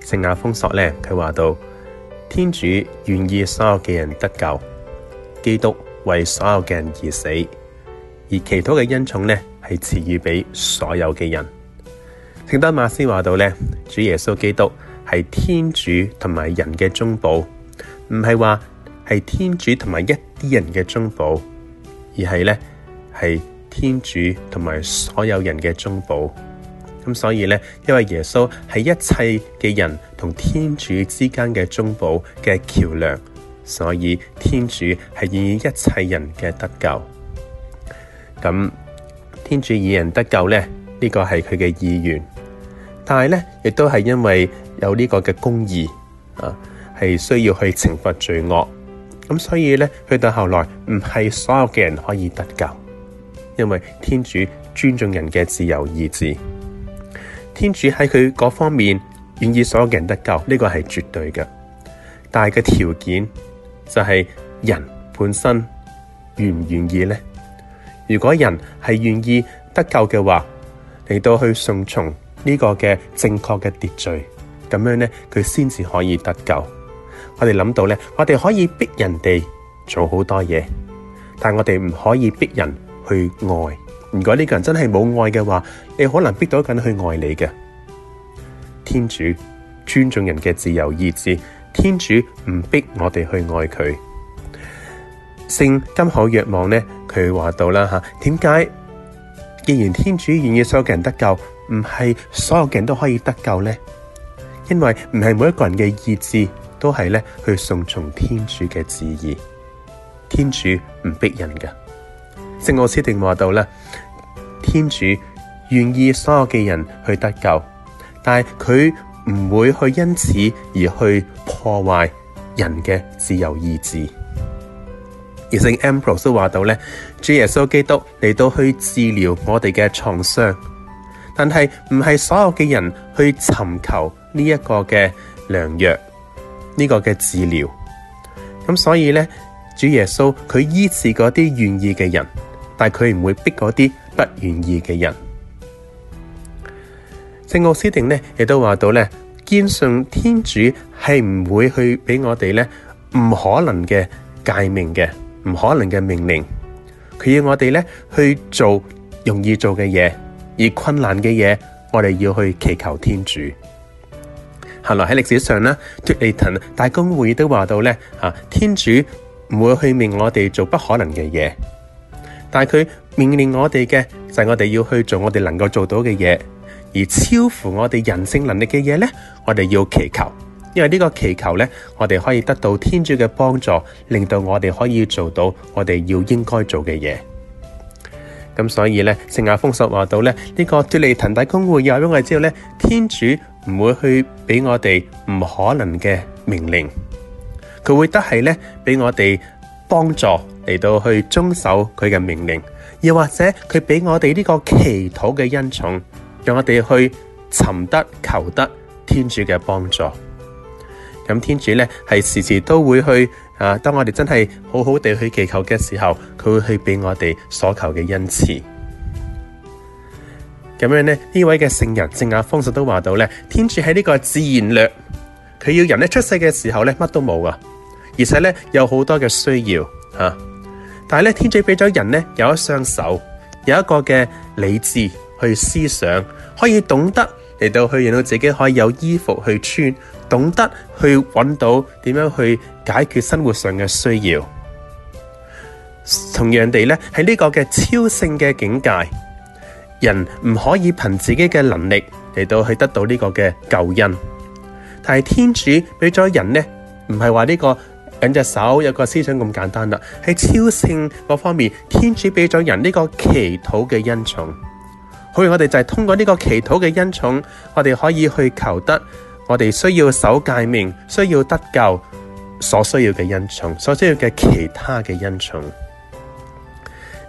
聖雅風索呢，佢話到天主願意所有嘅人得救，基督為所有嘅人而死，而祈禱嘅恩寵呢，係賜予俾所有嘅人。聖丹馬斯話到呢，主耶穌基督。係天主同埋人嘅中保，唔係話係天主同埋一啲人嘅中保，而係咧係天主同埋所有人嘅中保。咁所以咧，因為耶穌係一切嘅人同天主之間嘅中保嘅橋樑，所以天主係以一切人嘅得救。咁天主以人得救咧，呢、呢個係佢嘅意願，但係咧亦都係因為。有呢個嘅公義啊，係需要去懲罰罪惡咁，所以咧，去到後來唔係所有嘅人可以得救，因為天主尊重人嘅自由意志。天主喺佢嗰方面願意所有嘅人得救，呢個係絕對嘅，但係個條件就係人本身願唔願意咧。如果人係願意得救嘅話，嚟到去順從呢個嘅正確嘅秩序。咁樣咧，佢先至可以得救。我哋諗到咧，我哋可以逼人哋做好多嘢，但係我哋唔可以逼人去愛。如果呢個人真係冇愛嘅話，你可能逼到一個人去愛你嘅。天主尊重人嘅自由意志，天主唔逼我哋去愛佢。聖金口約望呢，佢話到啦吓，啊，點解既然天主願意所有嘅人得救，唔係所有嘅人都可以得救呢？」因為唔係每一個人嘅意志都係咧去順從天主嘅旨意，天主唔逼人㗎。聖奧斯定話到啦，天主願意所有嘅人去得救，但係佢唔會去因此而去破壞人嘅自由意志。而聖安博羅斯都話到咧，主耶穌基督嚟到去治療我哋嘅創傷。但係唔係所有嘅人去尋求呢一個嘅良藥，呢個嘅治療，咁所以咧，主耶穌佢醫治嗰啲願意嘅人，但係佢唔會逼嗰啲不願意嘅人。聖奧斯定咧亦都話到咧，堅信天主係唔會去俾我哋咧唔可能嘅誡命嘅，唔可能嘅命令，佢要我哋咧去做容易做嘅嘢。而困難嘅嘢，我哋要去祈求天主。後來喺歷史上啦，托利滕大公會都話到咧，吓，天主唔會去命我哋做不可能嘅嘢，但係佢命令我哋嘅就係我哋要去做我哋能夠做到嘅嘢，而超乎我哋人性能力嘅嘢咧，我哋要祈求，因為呢個祈求咧，我哋可以得到天主嘅幫助，令到我哋可以做到我哋要應該做嘅嘢。咁所以咧，聖亞封索話到咧，這個、公會，我知道呢個脫離騰大公會有咗我哋之後咧，天主唔會去俾我哋唔可能嘅命令，佢會得係咧俾我哋幫助嚟到去遵守佢嘅命令，又或者佢俾我哋呢個祈禱嘅恩寵，讓我哋去尋得求得天主嘅幫助。咁天主咧係時時都會去。啊！當我哋真係好好地去祈求嘅時候，佢會去俾我哋所求嘅恩賜。咁樣呢，呢位嘅聖人正亞方術都話到咧，天主喺呢個自然律，佢要人咧出世嘅時候咧乜都冇啊，而且咧有好多嘅需要啊。但係咧，天主俾咗人咧有一雙手，有一個嘅理智去思想，可以懂得嚟到去令到自己可以有衣服去穿，懂得去揾到點樣去。解決生活上嘅需要，同樣地咧喺呢個嘅超性嘅境界，人唔可以憑自己嘅能力嚟到去得到呢個嘅救恩。但係天主俾咗人呢，唔係話呢個兩隻手有個思想咁簡單啦，喺超性嗰方面，天主俾咗人呢個祈禱嘅恩寵。好，我哋就係通過呢個祈禱嘅恩寵，我哋可以去求得我哋需要守誡命，需要得救，所需要嘅恩寵，所需要嘅其他嘅恩寵。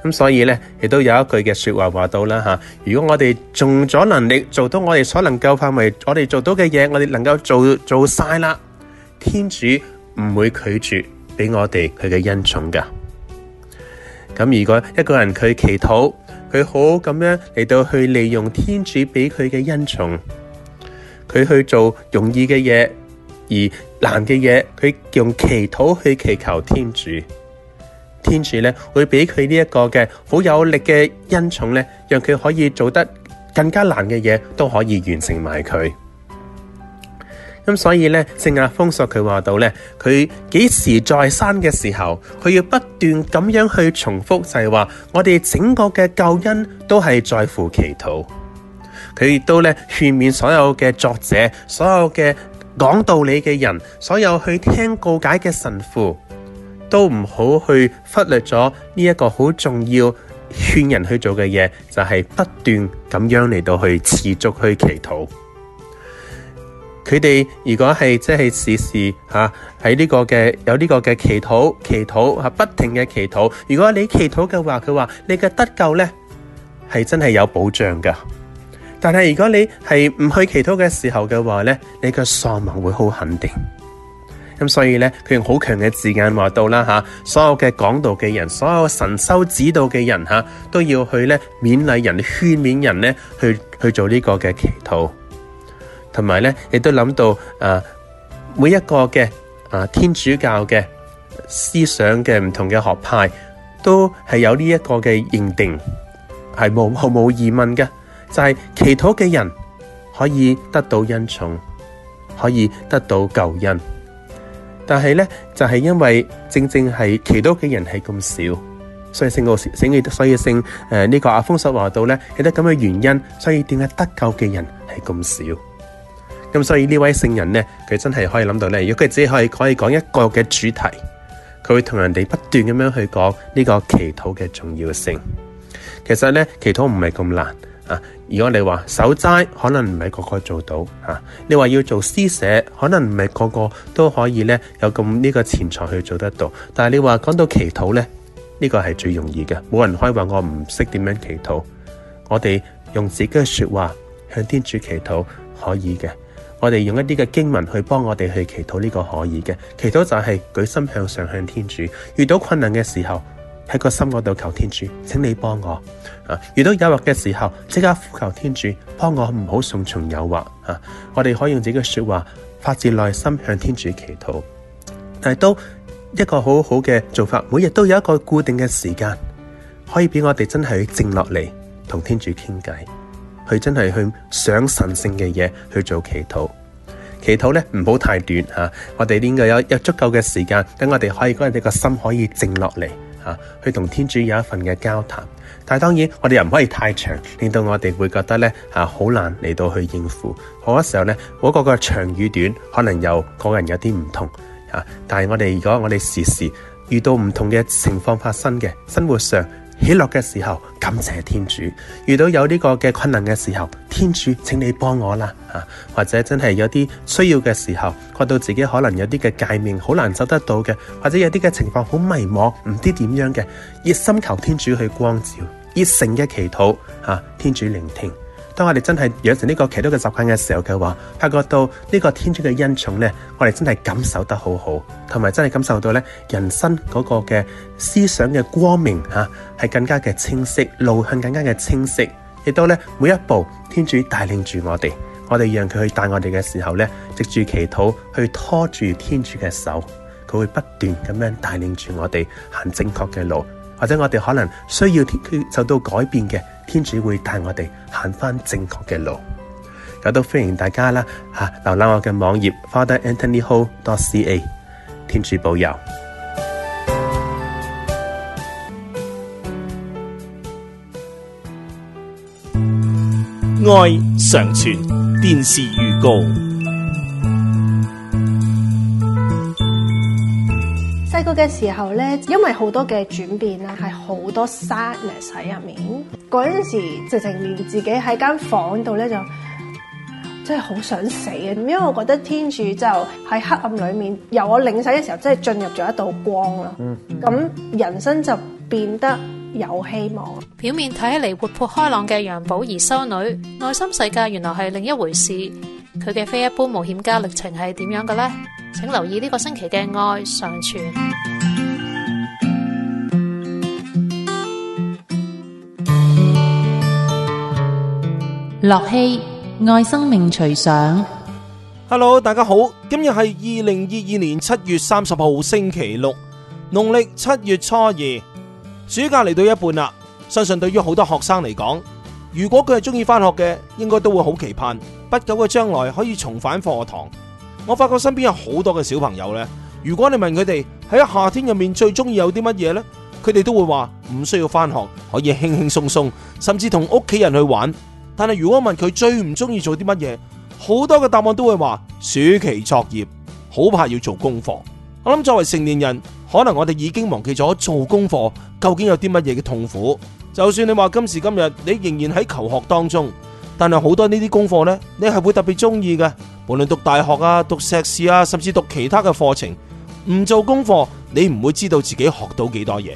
咁所以呢，亦都有一句嘅說話話到啦，吓。如果我哋盡咗能力做到我哋所能夠範圍，我哋做到嘅嘢，我哋能夠做做晒啦，天主唔會拒絕俾我哋佢嘅恩寵噶。咁如果一個人佢祈禱，佢好好咁樣嚟到去利用天主俾佢嘅恩寵，佢去做容易嘅嘢而。難嘅嘢，佢用祈禱去祈求天主，天主咧會俾佢呢一個嘅好有力嘅恩寵咧，讓佢可以做得更加難嘅嘢都可以完成埋佢。咁、嗯、所以咧聖亞豐索佢話到咧，佢幾時再生嘅時候，佢要不斷咁樣去重複，就係、是、話我哋整個嘅救恩都係在乎祈禱。佢亦都咧勸勉所有嘅作者，所有嘅講道理嘅人，所有去聽告解嘅神父，都唔好去忽略咗呢一個好重要勸人去做嘅嘢，就係、是、不斷咁樣嚟到去持續去祈禱。佢哋如果係即係試試吓喺呢個嘅有呢個嘅祈禱祈禱吓、啊、不停嘅祈禱。如果你祈禱嘅話，佢話你嘅得救呢，係真係有保障噶。但係如果你係唔去祈禱嘅時候嘅話咧，你嘅喪亡會好肯定。咁、嗯、所以咧，佢用好強嘅字眼話到啦吓、啊，所有嘅講道嘅人，所有神修指導嘅人吓、啊，都要去咧勉勵人、勸勉人咧去去做這個呢個嘅祈禱。同埋咧，亦都諗到誒，每一個嘅啊天主教嘅思想嘅唔同嘅學派，都係有呢一個嘅認定，係冇毫無疑問嘅。就係祈禱嘅人可以得到恩寵，可以得到救恩。但係咧，就係、是、因為正正係祈禱嘅人係咁少，所以聖奧聖所以聖誒呢個阿豐手話到咧，係得咁嘅原因，所以點解得救嘅人係咁少？咁所以呢位聖人咧，佢真係可以諗到咧，如果佢只可以可以講一個嘅主題，佢會同人哋不斷咁樣去講呢個祈禱嘅重要性。其實咧，祈禱唔係咁難。啊！如果你話守齋，可能唔係個個做到吓、啊。你話要做施捨，可能唔係個個都可以呢。有咁呢個錢財去做得到。但係你話講到祈禱呢，呢、呢個係最容易嘅，冇人可以話我唔識點樣祈禱。我哋用自己嘅說話向天主祈禱可以嘅，我哋用一啲嘅經文去幫我哋去祈禱呢、呢個可以嘅。祈禱就係舉心向上向天主，遇到困難嘅時候喺個心嗰度求天主，請你幫我啊。遇到誘惑嘅時候，即刻呼求天主幫我，唔好順從誘惑啊。我哋可以用自己嘅說話發自內心向天主祈禱，但係都一個好好嘅做法。每日都有一個固定嘅時間，可以俾我哋真係靜落嚟同天主傾偈，去真係去想神聖嘅嘢去做祈禱。祈禱咧，唔好太短吓，我哋呢個有有足夠嘅時間，等我哋可以人哋個心可以靜落嚟。去同天主有一份嘅交談，但係當然我哋又唔可以太長，令到我哋會覺得呢吓好難嚟到去應付。好多時候呢，我個個個長與短可能有個人有啲唔同吓，啊，但係我哋如果我哋時時遇到唔同嘅情況發生嘅生活上，起落嘅時候，感謝天主；遇到有呢個嘅困難嘅時候，天主請你幫我啦。或者真係有啲需要嘅時候，覺得自己可能有啲嘅界面好難走得到嘅，或者有啲嘅情況好迷茫，唔知點樣嘅，熱心求天主去光照，熱誠嘅祈禱啊，天主聆聽。當我哋真係養成呢個祈禱嘅習慣嘅時候嘅話，發覺到呢個天主嘅恩寵呢，我哋真係感受得好好，同埋真係感受到呢，人生嗰個嘅思想嘅光明吓，係更加嘅清晰，路向更加嘅清晰，亦都呢，每一步天主帶領住我哋，我哋讓佢去帶我哋嘅時候呢，藉住祈禱去拖住天主嘅手，佢會不斷咁樣帶領住我哋行正確嘅路，或者我哋可能需要天主受到改變嘅。天主會帶我哋行返正確嘅路，我都歡迎大家啦吓，瀏覽我嘅網頁 fatheranthonyho.ca，天主保佑，愛常存，電視預告。嗰個時候咧，因為好多嘅轉變咧，係好多 sadness 喺入面。嗰陣時，直情連自己喺間房度咧，就真係好想死啊！因為我覺得天主就喺黑暗裏面，由我領洗嘅時候，真係進入咗一道光咯。咁、嗯嗯、人生就變得有希望。表面睇起嚟，活潑開朗嘅楊寶儀修女，內心世界原來係另一回事。佢嘅非一般冒險家歷程係點樣嘅咧？請留意呢個星期嘅愛上傳。樂器愛生命隨想。Hello，大家好，今日係二零二二年七月三十號星期六，農曆七月初二，暑假嚟到一半啦。相信對於好多學生嚟講，如果佢係中意翻學嘅，應該都會好期盼，不久嘅將來可以重返課堂。我發覺身邊有好多嘅小朋友呢。如果你問佢哋喺夏天入面最中意有啲乜嘢呢？佢哋都會話唔需要翻學，可以輕輕鬆鬆，甚至同屋企人去玩。但係如果問佢最唔中意做啲乜嘢？好多嘅答案都會話暑期作業，好怕要做功課。我諗作為成年人，可能我哋已經忘記咗做功課究竟有啲乜嘢嘅痛苦。就算你話今時今日你仍然喺求學當中，但係好多呢啲功課呢，你係會特別中意嘅。無論讀大學啊，讀碩士啊，甚至讀其他嘅課程，唔做功課，你唔會知道自己學到幾多嘢。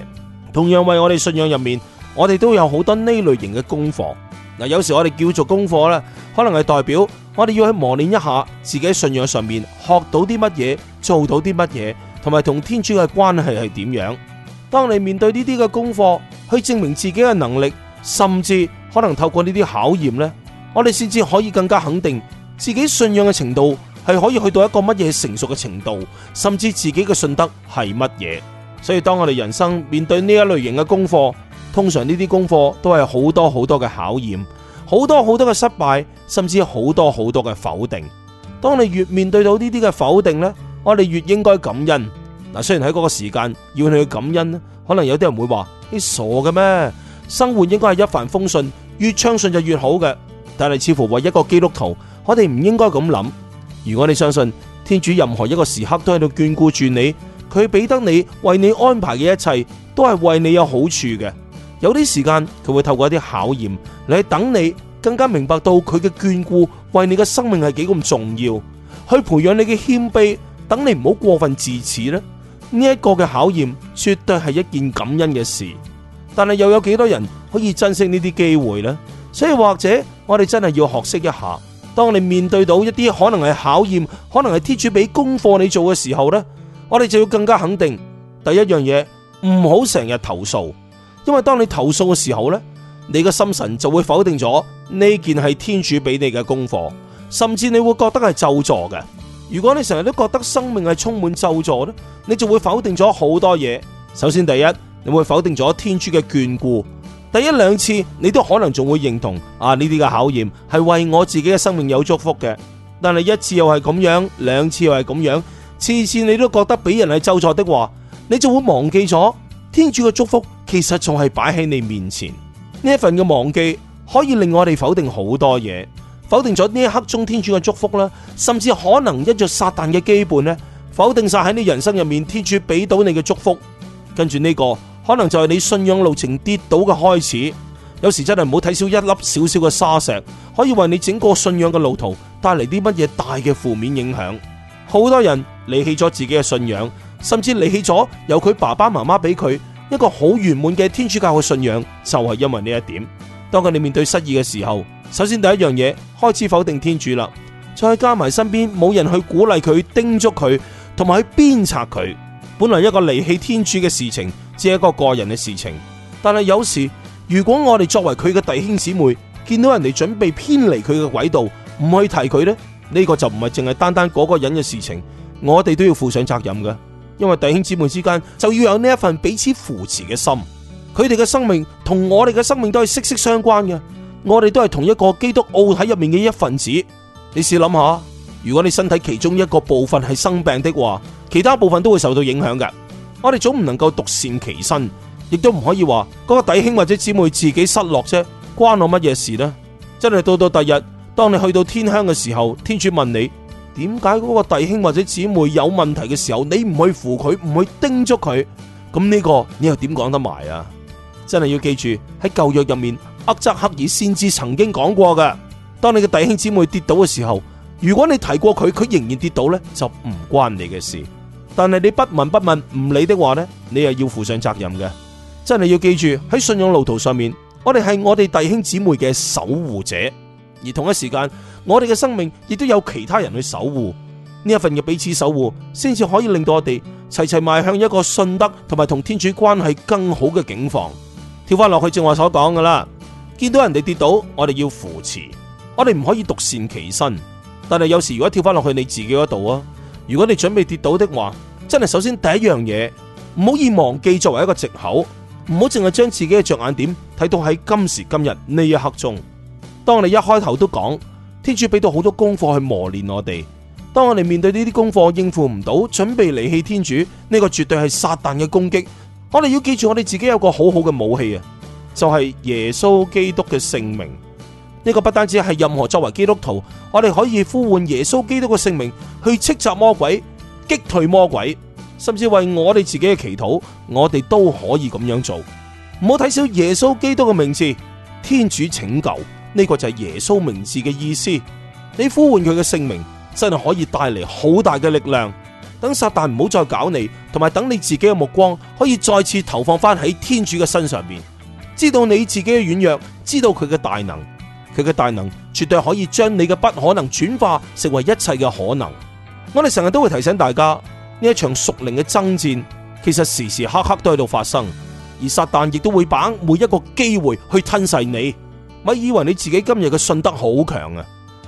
同樣為我哋信仰入面，我哋都有好多呢類型嘅功課。嗱，有時我哋叫做功課咧，可能係代表我哋要去磨練一下自己喺信仰上面學到啲乜嘢，做到啲乜嘢，同埋同天主嘅關係係點樣。當你面對呢啲嘅功課，去證明自己嘅能力，甚至可能透過呢啲考驗呢，我哋先至可以更加肯定自己信仰嘅程度係可以去到一個乜嘢成熟嘅程度，甚至自己嘅信德係乜嘢。所以當我哋人生面對呢一類型嘅功課，通常呢啲功課都係好多好多嘅考驗，好多好多嘅失敗，甚至好多好多嘅否定。當你越面對到呢啲嘅否定咧，我哋越應該感恩。嗱，雖然喺嗰個時間要你去感恩，可能有啲人會話：你傻嘅咩？生活應該係一帆風順，越暢順就越好嘅。但係似乎為一個基督徒。我哋唔應該咁諗。如果你相信天主，任何一個時刻都喺度眷顧住你，佢俾得你為你安排嘅一切都係為你有好處嘅。有啲時間佢會透過一啲考驗嚟等你，更加明白到佢嘅眷顧為你嘅生命係幾咁重要，去培養你嘅謙卑，等你唔好過分自恃呢。呢一個嘅考驗絕對係一件感恩嘅事，但係又有幾多人可以珍惜呢啲機會呢？所以或者我哋真係要學識一下。當你面對到一啲可能係考驗，可能係天主俾功課你做嘅時候呢，我哋就要更加肯定第一樣嘢，唔好成日投訴，因為當你投訴嘅時候呢，你嘅心神就會否定咗呢件係天主俾你嘅功課，甚至你會覺得係咒詛嘅。如果你成日都覺得生命係充滿咒詛呢，你就會否定咗好多嘢。首先第一，你會否定咗天主嘅眷顧。第一兩次你都可能仲會認同啊，呢啲嘅考驗係為我自己嘅生命有祝福嘅，但係一次又係咁樣，兩次又係咁樣，次次你都覺得俾人係咒詛的話，你就會忘記咗天主嘅祝福，其實仲係擺喺你面前呢一份嘅忘記，可以令我哋否定好多嘢，否定咗呢一刻中天主嘅祝福啦，甚至可能因着撒旦嘅基本呢，否定晒喺你人生入面天主俾到你嘅祝福，跟住呢個。可能就係你信仰路程跌倒嘅開始，有時真係唔好睇少一粒小小嘅沙石，可以為你整個信仰嘅路途帶嚟啲乜嘢大嘅負面影響。好多人離棄咗自己嘅信仰，甚至離棄咗由佢爸爸媽媽俾佢一個好圓滿嘅天主教嘅信仰，就係因為呢一點。當佢哋面對失意嘅時候，首先第一樣嘢開始否定天主啦，再加埋身邊冇人去鼓勵佢、叮囑佢，同埋去鞭策佢。本來一個離棄天主嘅事情，只係一個個人嘅事情，但係有時如果我哋作為佢嘅弟兄姊妹，見到人哋準備偏離佢嘅軌道，唔去提佢呢，呢個就唔係淨係單單嗰個人嘅事情，我哋都要負上責任嘅，因為弟兄姊妹之間就要有呢一份彼此扶持嘅心，佢哋嘅生命同我哋嘅生命都係息息相關嘅，我哋都係同一個基督奧體入面嘅一份子，你試諗下，如果你身體其中一個部分係生病的話，其他部分都會受到影響嘅。我哋總唔能夠獨善其身，亦都唔可以話嗰個弟兄或者姊妹自己失落啫，關我乜嘢事呢？真係到到第日，當你去到天鄉嘅時候，天主問你點解嗰個弟兄或者姊妹有問題嘅時候，你唔去扶佢，唔去叮囑佢，咁呢個你又點講得埋啊？真係要記住喺舊約入面，厄則克爾先知曾經講過嘅，當你嘅弟兄姊妹跌倒嘅時候，如果你提過佢，佢仍然跌倒呢，就唔關你嘅事。但係你不聞不問，唔理的話呢，你係要負上責任嘅。真係要記住，喺信仰路途上面，我哋係我哋弟兄姊妹嘅守護者，而同一時間，我哋嘅生命亦都有其他人去守護。呢一份嘅彼此守護，先至可以令到我哋齊齊邁向一個信德同埋同天主關係更好嘅境況。跳翻落去，正話所講噶啦，見到人哋跌倒，我哋要扶持，我哋唔可以獨善其身。但係有時如果跳翻落去你自己嗰度啊。如果你準備跌倒的話，真係首先第一樣嘢唔好以忘記作為一個借口，唔好淨係將自己嘅着眼點睇到喺今時今日呢一刻中。當我哋一開頭都講，天主俾到好多功課去磨練我哋。當我哋面對呢啲功課應付唔到，準備離棄天主，呢個絕對係撒旦嘅攻擊。我哋要記住，我哋自己有個好好嘅武器啊，就係耶穌基督嘅聖名。呢個不單止係任何作為基督徒，我哋可以呼喚耶穌基督嘅姓名去斥責魔鬼、擊退魔鬼，甚至為我哋自己嘅祈禱，我哋都可以咁樣做。唔好睇少耶穌基督嘅名字，天主拯救呢個就係耶穌名字嘅意思。你呼喚佢嘅姓名真係可以帶嚟好大嘅力量。等撒旦唔好再搞你，同埋等你自己嘅目光可以再次投放翻喺天主嘅身上邊，知道你自己嘅軟弱，知道佢嘅大能。佢嘅大能絕對可以將你嘅不可能轉化成為一切嘅可能。我哋成日都會提醒大家呢一場屬靈嘅爭戰，其實時時刻刻都喺度發生，而撒旦亦都會把握每一個機會去吞噬你。咪以為你自己今日嘅信德好強啊？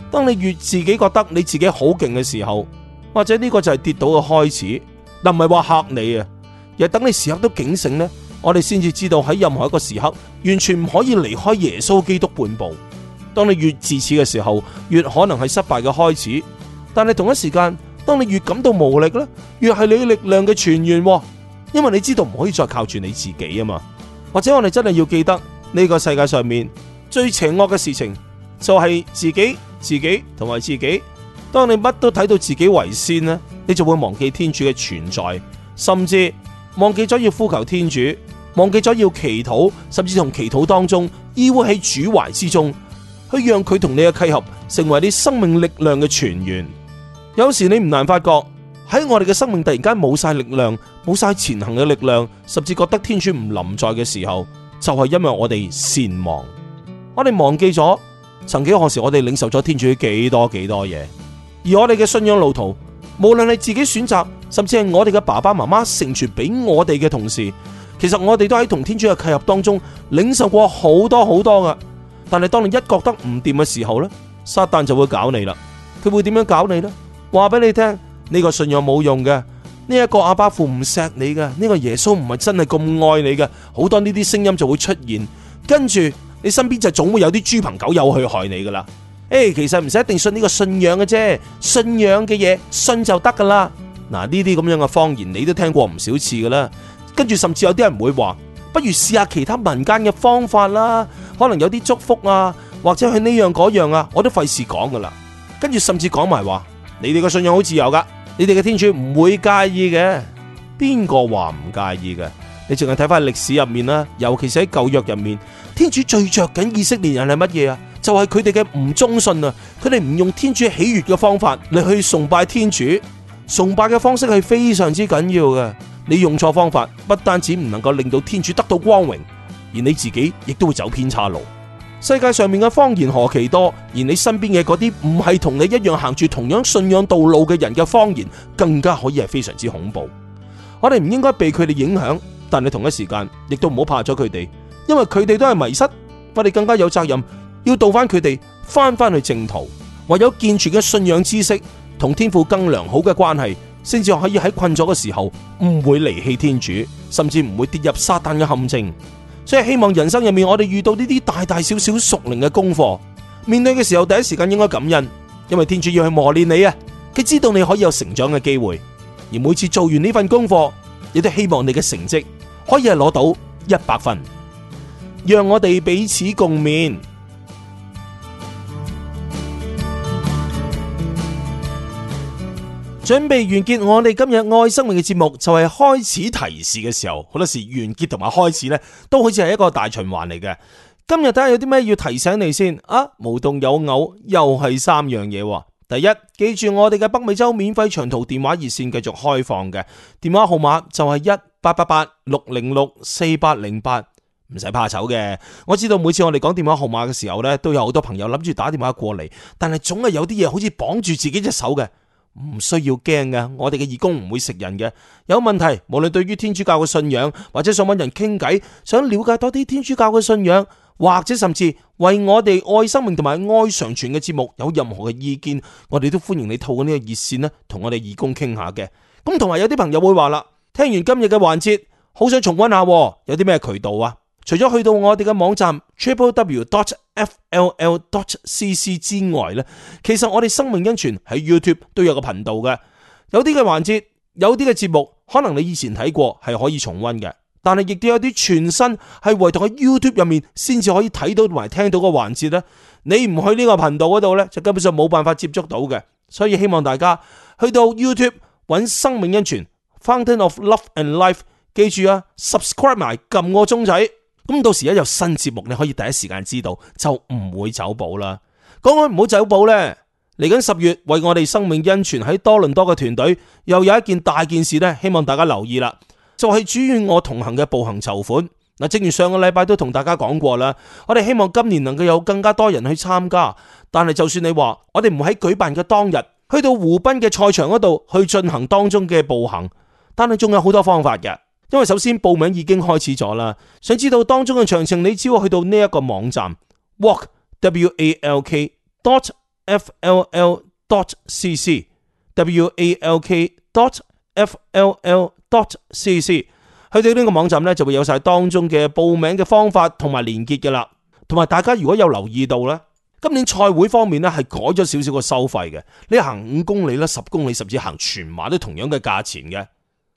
當你越自己覺得你自己好勁嘅時候，或者呢個就係跌倒嘅開始。嗱，唔係話吓你啊，而係等你時刻都警醒呢，我哋先至知道喺任何一個時刻完全唔可以離開耶穌基督半步。當你越自私嘅時候，越可能係失敗嘅開始。但係同一時間，當你越感到無力，越係你力量嘅泉源，因為你知道唔可以再靠住你自己啊嘛。或者我哋真係要記得呢、這個世界上面最邪惡嘅事情就係、是、自己、自己同埋自己。當你乜都睇到自己為先咧，你就會忘記天主嘅存在，甚至忘記咗要呼求天主，忘記咗要祈禱，甚至同祈禱當中依偎喺主懷之中。去讓佢同你嘅契合，成為你生命力量嘅泉源。有時你唔難發覺，喺我哋嘅生命突然間冇晒力量，冇晒前行嘅力量，甚至覺得天主唔臨在嘅時候，就係因為我哋善忘，我哋忘記咗曾幾何時我哋領受咗天主幾多幾多嘢，而我哋嘅信仰路途，無論係自己選擇，甚至係我哋嘅爸爸媽媽成全俾我哋嘅同時，其實我哋都喺同天主嘅契合當中，領受過好多好多嘅。但係當你一覺得唔掂嘅時候咧，撒旦就會搞你啦。佢會點樣搞你咧？話俾你聽，呢個信仰冇用嘅，呢一個阿爸父唔錫你嘅，呢個耶穌唔係真係咁愛你嘅。好多呢啲聲音就會出現，跟住你身邊就總會有啲豬朋狗友去害你噶啦。誒，其實唔使一定信呢個信仰嘅啫，信仰嘅嘢，信就得噶啦。嗱，呢啲咁樣嘅謊言你都聽過唔少次噶啦，跟住甚至有啲人唔會話，不如試下其他民間嘅方法啦。可能有啲祝福啊，或者去呢樣嗰樣啊，我都費事講噶啦。跟住甚至講埋話，你哋嘅信仰好自由噶，你哋嘅天主唔會介意嘅。邊個話唔介意嘅？你淨係睇翻歷史入面啦，尤其是喺舊約入面，天主最着緊以色列人係乜嘢啊？就係佢哋嘅唔忠信啊，佢哋唔用天主喜悅嘅方法嚟去崇拜天主。崇拜嘅方式係非常之緊要嘅，你用錯方法，不單止唔能夠令到天主得到光榮。而你自己亦都會走偏差路。世界上面嘅謊言何其多，而你身邊嘅嗰啲唔係同你一樣行住同樣信仰道路嘅人嘅謊言，更加可以係非常之恐怖。我哋唔應該被佢哋影響，但係同一時間亦都唔好怕咗佢哋，因為佢哋都係迷失。我哋更加有責任要導翻佢哋翻翻去正途，唯有健全嘅信仰知識同天父更良好嘅關係，先至可以喺困咗嘅時候唔會離棄天主，甚至唔會跌入撒旦嘅陷阱。所以希望人生入面，我哋遇到呢啲大大小小屬靈嘅功課，面對嘅時候，第一時間應該感恩，因為天主要去磨練你啊，佢知道你可以有成長嘅機會，而每次做完呢份功課，亦都希望你嘅成績可以係攞到一百分，讓我哋彼此共勉。準備完結我哋今日愛生命嘅節目就係開始提示嘅時候，好多時完結同埋開始呢，都好似係一個大循環嚟嘅。今日睇下有啲咩要提醒你先啊！無獨有偶，又係三樣嘢。啊、第一，記住我哋嘅北美洲免費長途電話熱線繼續開放嘅電話號碼就係一八八八六零六四八零八，唔使怕醜嘅。我知道每次我哋講電話號碼嘅時候呢，都有好多朋友諗住打電話過嚟，但係總係有啲嘢好似綁住自己隻手嘅。唔需要驚㗎，我哋嘅義工唔會食人嘅。有問題，無論對於天主教嘅信仰，或者想揾人傾偈，想了解多啲天主教嘅信仰，或者甚至為我哋愛生命同埋愛上傳嘅節目有任何嘅意見，我哋都歡迎你透過呢個熱線呢同我哋義工傾下嘅。咁同埋有啲朋友會話啦，聽完今日嘅環節，好想重溫下，有啲咩渠道啊？除咗去到我哋嘅網站 triple w dot f l l dot c c 之外呢，其實我哋生命安全生命恩泉喺 YouTube 都有個頻道嘅。有啲嘅環節，有啲嘅節目，可能你以前睇過係可以重温嘅，但係亦都有啲全新係唯獨喺 YouTube 入面先至可以睇到同埋聽到嘅環節呢，你唔去呢個頻道嗰度呢，就根本上冇辦法接觸到嘅。所以希望大家去到 YouTube 揾生命恩泉 Fountain of Love and Life，記住啊，subscribe 埋，撳個鐘仔。咁到時一有新節目，你可以第一時間知道，就唔會走寶啦。講開唔好走寶呢，嚟緊十月為我哋生命恩存喺多倫多嘅團隊，又有一件大件事呢，希望大家留意啦。就係主願我同行嘅步行籌款。嗱，正如上個禮拜都同大家講過啦，我哋希望今年能夠有更加多人去參加。但係就算你話我哋唔喺舉辦嘅當日去到湖濱嘅賽場嗰度去進行當中嘅步行，但係仲有好多方法嘅。因為首先報名已經開始咗啦，想知道當中嘅詳情，你只要去到呢一個網站 walk cc w a l k dot f l l dot c c w a l k dot f l l dot c c，去到呢個網站咧就會有晒當中嘅報名嘅方法同埋連結嘅啦，同埋大家如果有留意到咧，今年賽會方面咧係改咗少少嘅收費嘅，你行五公里啦、十公里，甚至行全馬都同樣嘅價錢嘅。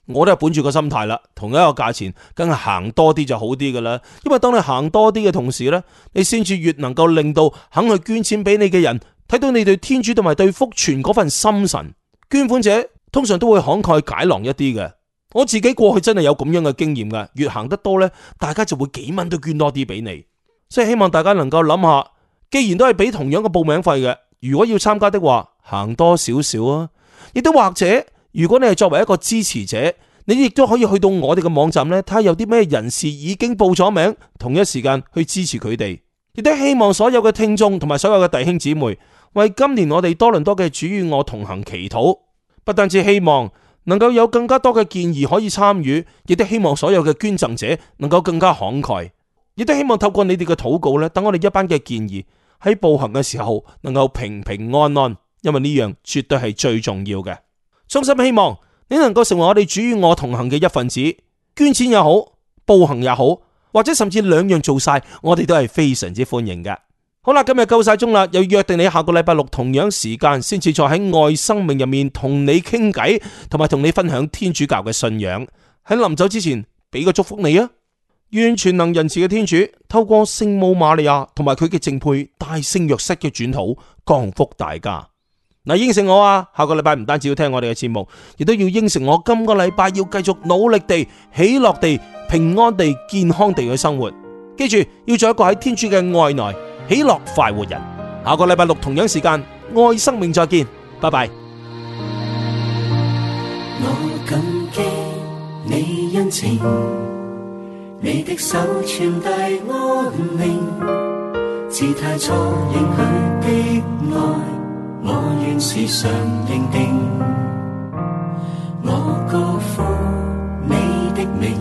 我都係本住個心態啦，同一個價錢，梗係行多啲就好啲噶啦。因為當你行多啲嘅同時呢，你先至越能夠令到肯去捐錢俾你嘅人，睇到你對天主同埋對福傳嗰份心神，捐款者通常都會慷慨解囊一啲嘅。我自己過去真係有咁樣嘅經驗噶，越行得多呢，大家就會幾蚊都捐多啲俾你。即係希望大家能夠諗下，既然都係俾同樣嘅報名費嘅，如果要參加的話，行多少少啊，亦都或者。如果你係作為一個支持者，你亦都可以去到我哋嘅網站咧，睇下有啲咩人士已經報咗名，同一時間去支持佢哋。亦都希望所有嘅聽眾同埋所有嘅弟兄姊妹為今年我哋多倫多嘅主與我同行祈禱。不但只希望能夠有更加多嘅建議可以參與，亦都希望所有嘅捐贈者能夠更加慷慨，亦都希望透過你哋嘅禱告咧，等我哋一班嘅建議喺步行嘅時候能夠平平安安，因為呢樣絕對係最重要嘅。衷心希望你能夠成為我哋主與我同行嘅一份子，捐錢也好，步行也好，或者甚至兩樣做晒，我哋都係非常之歡迎嘅。好啦，今日夠晒鐘啦，又約定你下個禮拜六同樣時間，先至再喺愛生命入面同你傾偈，同埋同你分享天主教嘅信仰。喺臨走之前，俾個祝福你啊！願全能仁慈嘅天主透過聖母瑪利亞同埋佢嘅正配大聖若瑟嘅轉禱，降福大家。嗱，應承我啊，下個禮拜唔單止要聽我哋嘅節目，亦都要應承我今個禮拜要繼續努力地、喜樂地、平安地、健康地去生活。記住，要做一個喺天主嘅愛內喜樂快活人。下個禮拜六同樣時間，愛生命再見，拜拜。我感激你恩情，你的手傳遞安寧，自太初仍去的愛。我願時常認定，我高呼你的名，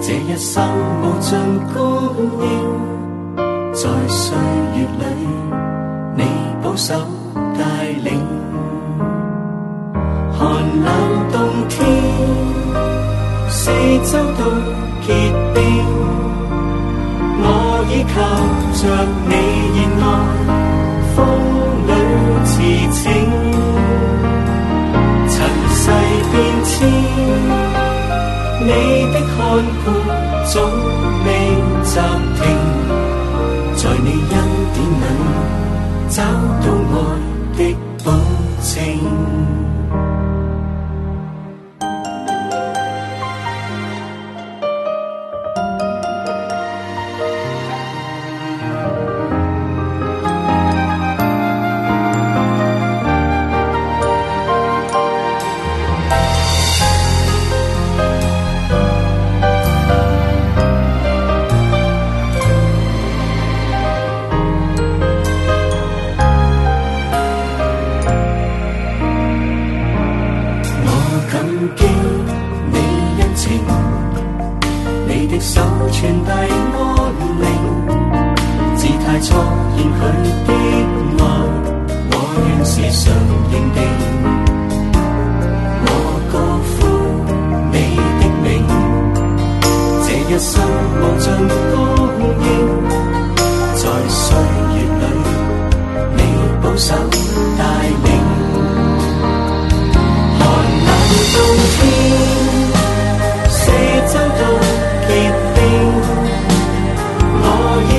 這一生無盡供應，在歲月裏你保守帶領。寒冷冬天，四周都結冰，我倚靠着你熱愛。事情塵世變遷，你的看顧總未暫停。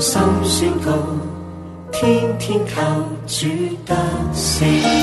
心宣告，天天靠主得勝。